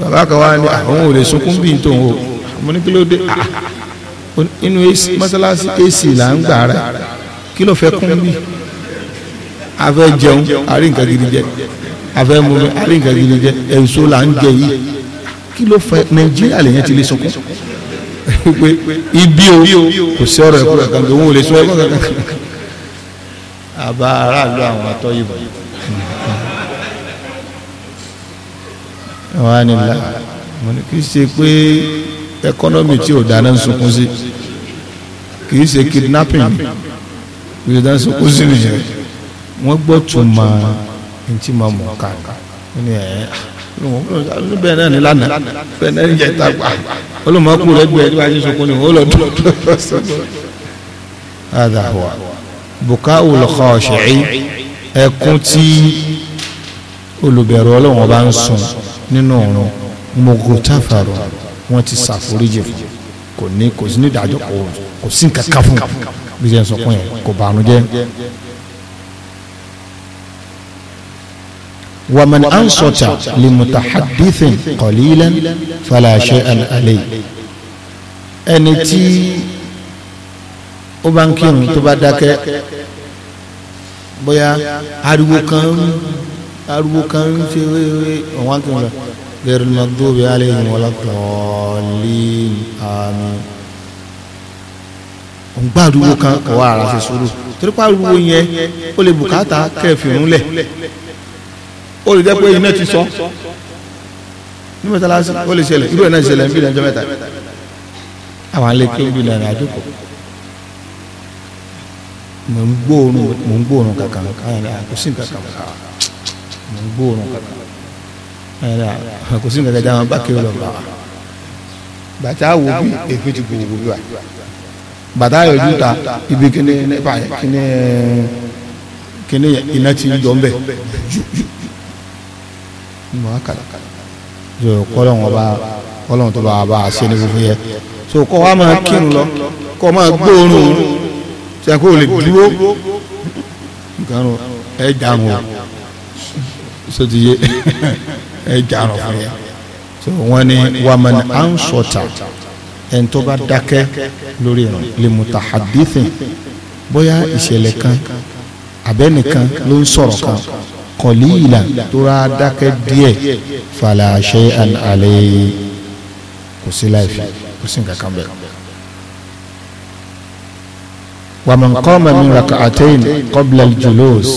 tó bàbá kan wá ní àwọn ò lè sunkún bí n tó ń wò àmọ́ ní kí ló dé ah, ah, ah. inú mọ́sálásí ac là ń gbà rẹ̀ kí ló fẹ́ kún bí a fẹ́ jẹun àrí nǹkan gidi jẹ a fẹ́ mu àrí nǹkan gidi jẹ èso là ń jẹ yìí kí ló fẹ́ nàìjíríà lèyàn ti lè sunkún ibi o kò sí ọ̀rọ̀ ẹ̀kọ́ kankan òun ò lè sún ẹ̀kọ́ kankan àbá aráàlú àwọn atọ́ yìí bọ̀. wọ́n á nílá mo ní kí ṣe pé ẹkọ́nọ́mì tí ò dáná ń sunkún sí kì í ṣe kidnapping kì í dáná sunkún sí nìyẹn wọ́n gbọ́ tó máa ń tí máa mọ̀ káàkà wọ́n ní ẹ̀ ẹ́ bẹ́ẹ̀ náà ní lánàá bẹ́ẹ̀ náà ní jẹta gbà olùmọ̀ọ́kù rẹ̀ gbé ẹ̀ níwájú sunkún ni wọ́n lọ dúró dúró sọ́sọ́ bukau lọ́kọ̀ọ̀ṣẹ̀ẹ́ ẹkún tí olùbẹ̀rù ọlọ́wọ́n bá ń sùn nínú ọ̀run mogotafaro wọ́n ti ṣàforíjì fún kò ní kò sí ní ìdájọ́ kò sí nǹkan kan fún bí ṣe ń sọ fún yẹn kò bànújẹ́. ومن أنصت لمتحدث قليلا فلا شيء عليه ẹni tí ó bá ń kírun tó bá dákẹ́ bóyá ariwo kan ariwo kan ń ṣe wéwé ọ̀wọ́n kìí lọ gẹ̀rù náà dóbi aléyìn wọlé tọ́ọ̀lì àmì òǹgbà ariwo kan kọ̀ wá ara ṣe sùúrù torí pa ariwo yẹn ó lè bùkátà kẹfìrún lẹ̀ ó lè jẹ́ pé iná ti sọ ní mẹ́ta lásìkò ó lè ṣẹlẹ̀ irú ẹ̀ náà ṣẹlẹ̀ ń bí ìdájọ́ mẹ́ta àwọn alẹ́ kí ó ń bí ìlànà àdókò mò ń gbóòórùn mò ń gbóòórùn kankan àwọn ènìyàn kò sí nǹkan kan mò ń gbóòórùn kankan àwọn ènìyàn kò sí nǹkan kan dáhùn bá kiri lọ bá wa bàtà wo bí èpè ti gbòòrò wò wá bàtà yọjú ta ibi kíní nípa kíní kíní iná ti ń jọ ń bẹ mọ àkàlà jọ kọlọ́n wọn bá kọlọ́n tó bá a bá a ṣe fúnfún yẹ so kọ́ wa máa kírun lọ kọ́ máa gbóòórùn sẹ́kọ̀ ò lè dúró nǹkan ẹ̀ dànù sotiye ẹ̀ dànù fún yà so wọ́n ní wàmẹ̀ni à ń sọ̀tà ẹ̀ ń tó bá dákẹ́ lórí ẹ̀rọ lè mùtà hadithin bóyá ìṣẹ̀lẹ̀ kan abẹ́nìkan ló ń sọ̀rọ̀ kan kọ̀lí ìlà tó rà dákẹ́ díẹ̀ fàlàṣẹ àlẹ́ kò sí láìfi kò sí nǹkan kan bẹ́ẹ̀ wàmọ̀ nǹkan ọmọ mi raka àtẹ́yìn kọ́bílà jùlọ́s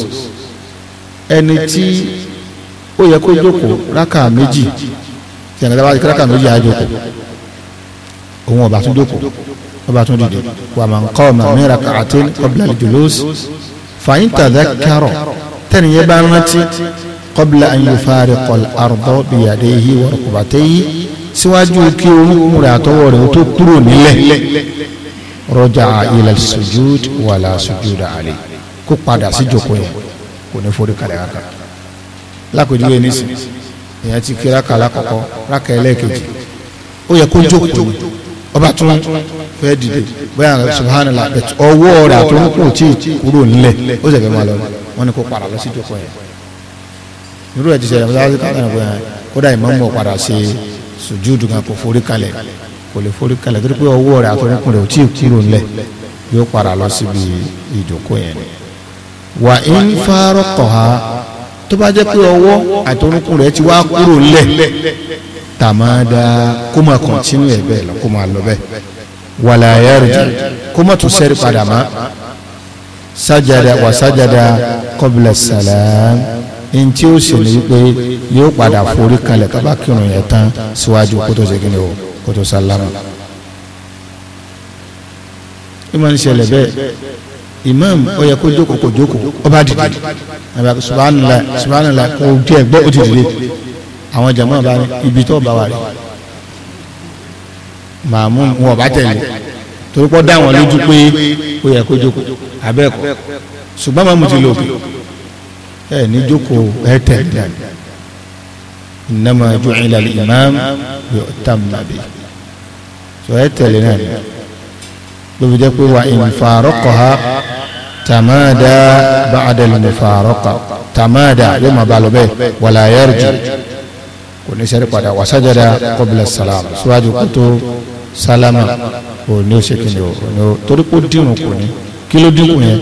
ẹni tí ó yẹ kó jókòó raka méjì tí ẹni tí raka méjì á jókòó òun ọba tún jókòó ọba tún dìde wàmọ̀ nǹkan ọmọ mi raka àtẹ́yìn kọ́bílà jùlọ́s fàyín tàdá kárọ̀ tẹ́niyẹ bá rántí kọ́bílà ayé fàárẹ̀ kọ́l àrùbọ́ bìyàdé yìí wọ́n kùbàtẹ́ yìí síwájú kí orúkún rẹ̀ àtọwọ́ rẹ̀ ó tó kúrò nílẹ̀ rọjà ilẹ̀ sujud wàlà sujud àlè kó padà sí jòkó yẹn kò ní forí kalẹ̀ aka lákòjúwe nísì èèyàn ti kí raka alákọ̀ọ́kọ́ raka ẹlẹ́ẹ̀kejì ó yẹ kó jókòó ni ọba tó fẹ́ dìde bóyá subhanallah bẹ̀tù ọwọ́ rẹ̀ àtọ́nukù tí kúrò nílẹ̀ ó sì fẹ́ máa lọ wọn ni kó padà lọ sí jòkó yẹn irú ẹ̀ ti sẹ́yìn ọ̀sán kó dà ìmọ̀ mọ̀ padà sí sujud kan kò forí kalẹ̀ kò lè forí kalẹ̀ torí pé ọwọ́ rẹ̀ àtọ́nukùn rẹ̀ ò tí ì kúrò ńlẹ̀ yóò padà lọ síbi ìjókòó yẹn ni. wà á ń farọ́ kọ̀ ha tó bá jẹ́ pé ọwọ́ àtọ́nukùn rẹ̀ ti wá kúrò ńlẹ̀ tàmáda kó máa kọ̀ntínú ẹ̀ bẹ́ẹ̀ lọ kó máa lọ bẹ́ẹ̀ wàlà yẹrìjì kó má tún sẹ́rí padà má sájàdá wà sájàdá kọ́bìlà sàlám ní tí ó sì ní wípé yóò padà forí kalẹ̀ tó yẹn tán síwájú kó tó ṣe kó tó sálámà ìmọ̀ ń ṣẹlẹ̀ bẹ́ẹ̀ imam ó yẹ kó jókòó kó jókòó ọba dìde àbá subhanallah subhanallah kó o jẹ ẹgbẹ́ ó ti dìde àwọn jàmọ́ ọba ibi tó ọba wà rí màmú wọn ọba tẹ̀lé torí pọ́ dá wọn lójú pé ó yẹ kó jókòó abẹ́ẹ̀kọ́ ṣùgbọ́n màmú ti lò ẹ ní jókòó ẹ tẹ̀lé innama ju'ila al-imam yu'tamma ẹ tẹ̀lé náà lóbi jẹ́ pé wà ìfarọ́kọ̀ha tàmáàdá ba'dal mufarọ́kọ̀ tàmáàdá yóò máa bá lọ bẹ́ẹ̀ wàlá yarju kò ní sẹ́rí padà wà sájàdá qabla salam síwájú kó tó sálámà ò ní ó ṣe kí ni ò torí kó dínkù kò ní kí ló dínkù yẹn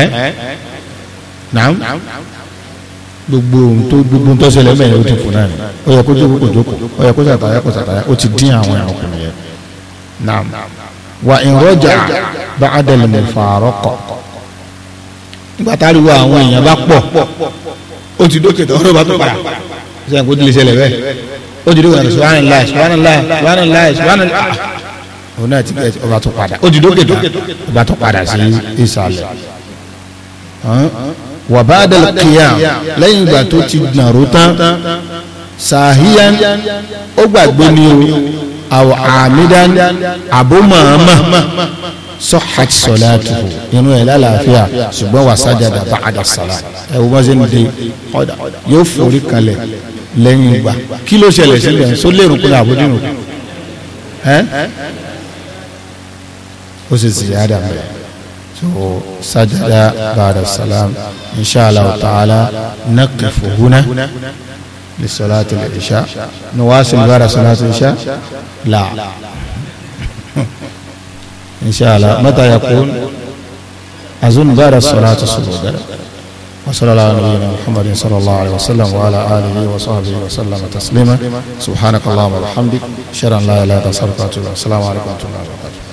ẹ́ nàám gbogbo ohun tó gbogbo ohun tó ṣẹlẹ̀ mẹ́rin ó ti kù náà ni ó yẹ kó jókòó kó jókòó ó yẹ kó ṣàtàyà kó ṣàtàyà ó ti dín àwọn ọkùnrin yẹn naam wa ìrọ́jà bá adẹ̀lẹ̀mọ̀ fàárọ̀ kọ̀ nígbà tá a rí wa àwọn èèyàn bá pọ̀ ó ti dókè tó ọ̀rọ̀ bá tó para sẹ́yìn kó tilẹ̀ ṣẹlẹ̀ bẹ́ẹ̀ ó ti dókè tó subhanallah subhanallah subhanallah subhanallah òun náà ti kẹ́ ọba tó padà ó ti dókè tó ọba tó padà sí ìsàlẹ̀ wàbáàdà kìíyà lẹ́yìn ìgbà tó ti nàró tán sàhíyà ó gbàgbé ni o àwọn àmìdán àbó màmá sọ́hàt sọ́láàtù inú ẹ̀ lálàáfíà ṣùgbọ́n wà sájàdà bá àdàsálà ẹ̀ wọ́n ṣe ń de ọ̀dà yóò forí kalẹ̀ lẹ́yìn ìgbà kí ló ṣẹlẹ̀ sílẹ̀ só lérò kúlẹ̀ àbódìrò ẹ́ ó sì sì yára mẹ́rin. so سجد بعد السلام إن شاء الله تعالى نقف هنا لصلاة العشاء نواصل بعد صلاة العشاء لا إن شاء الله متى يكون أظن بعد صلاة الصبح وصلى الله على نبينا محمد صلى الله عليه وسلم وعلى آله وصحبه وسلم تسليما سبحانك اللهم وبحمدك شرا لا إله إلا أنت أستغفرك وأتوب إليك السلام عليكم ورحمة الله وبركاته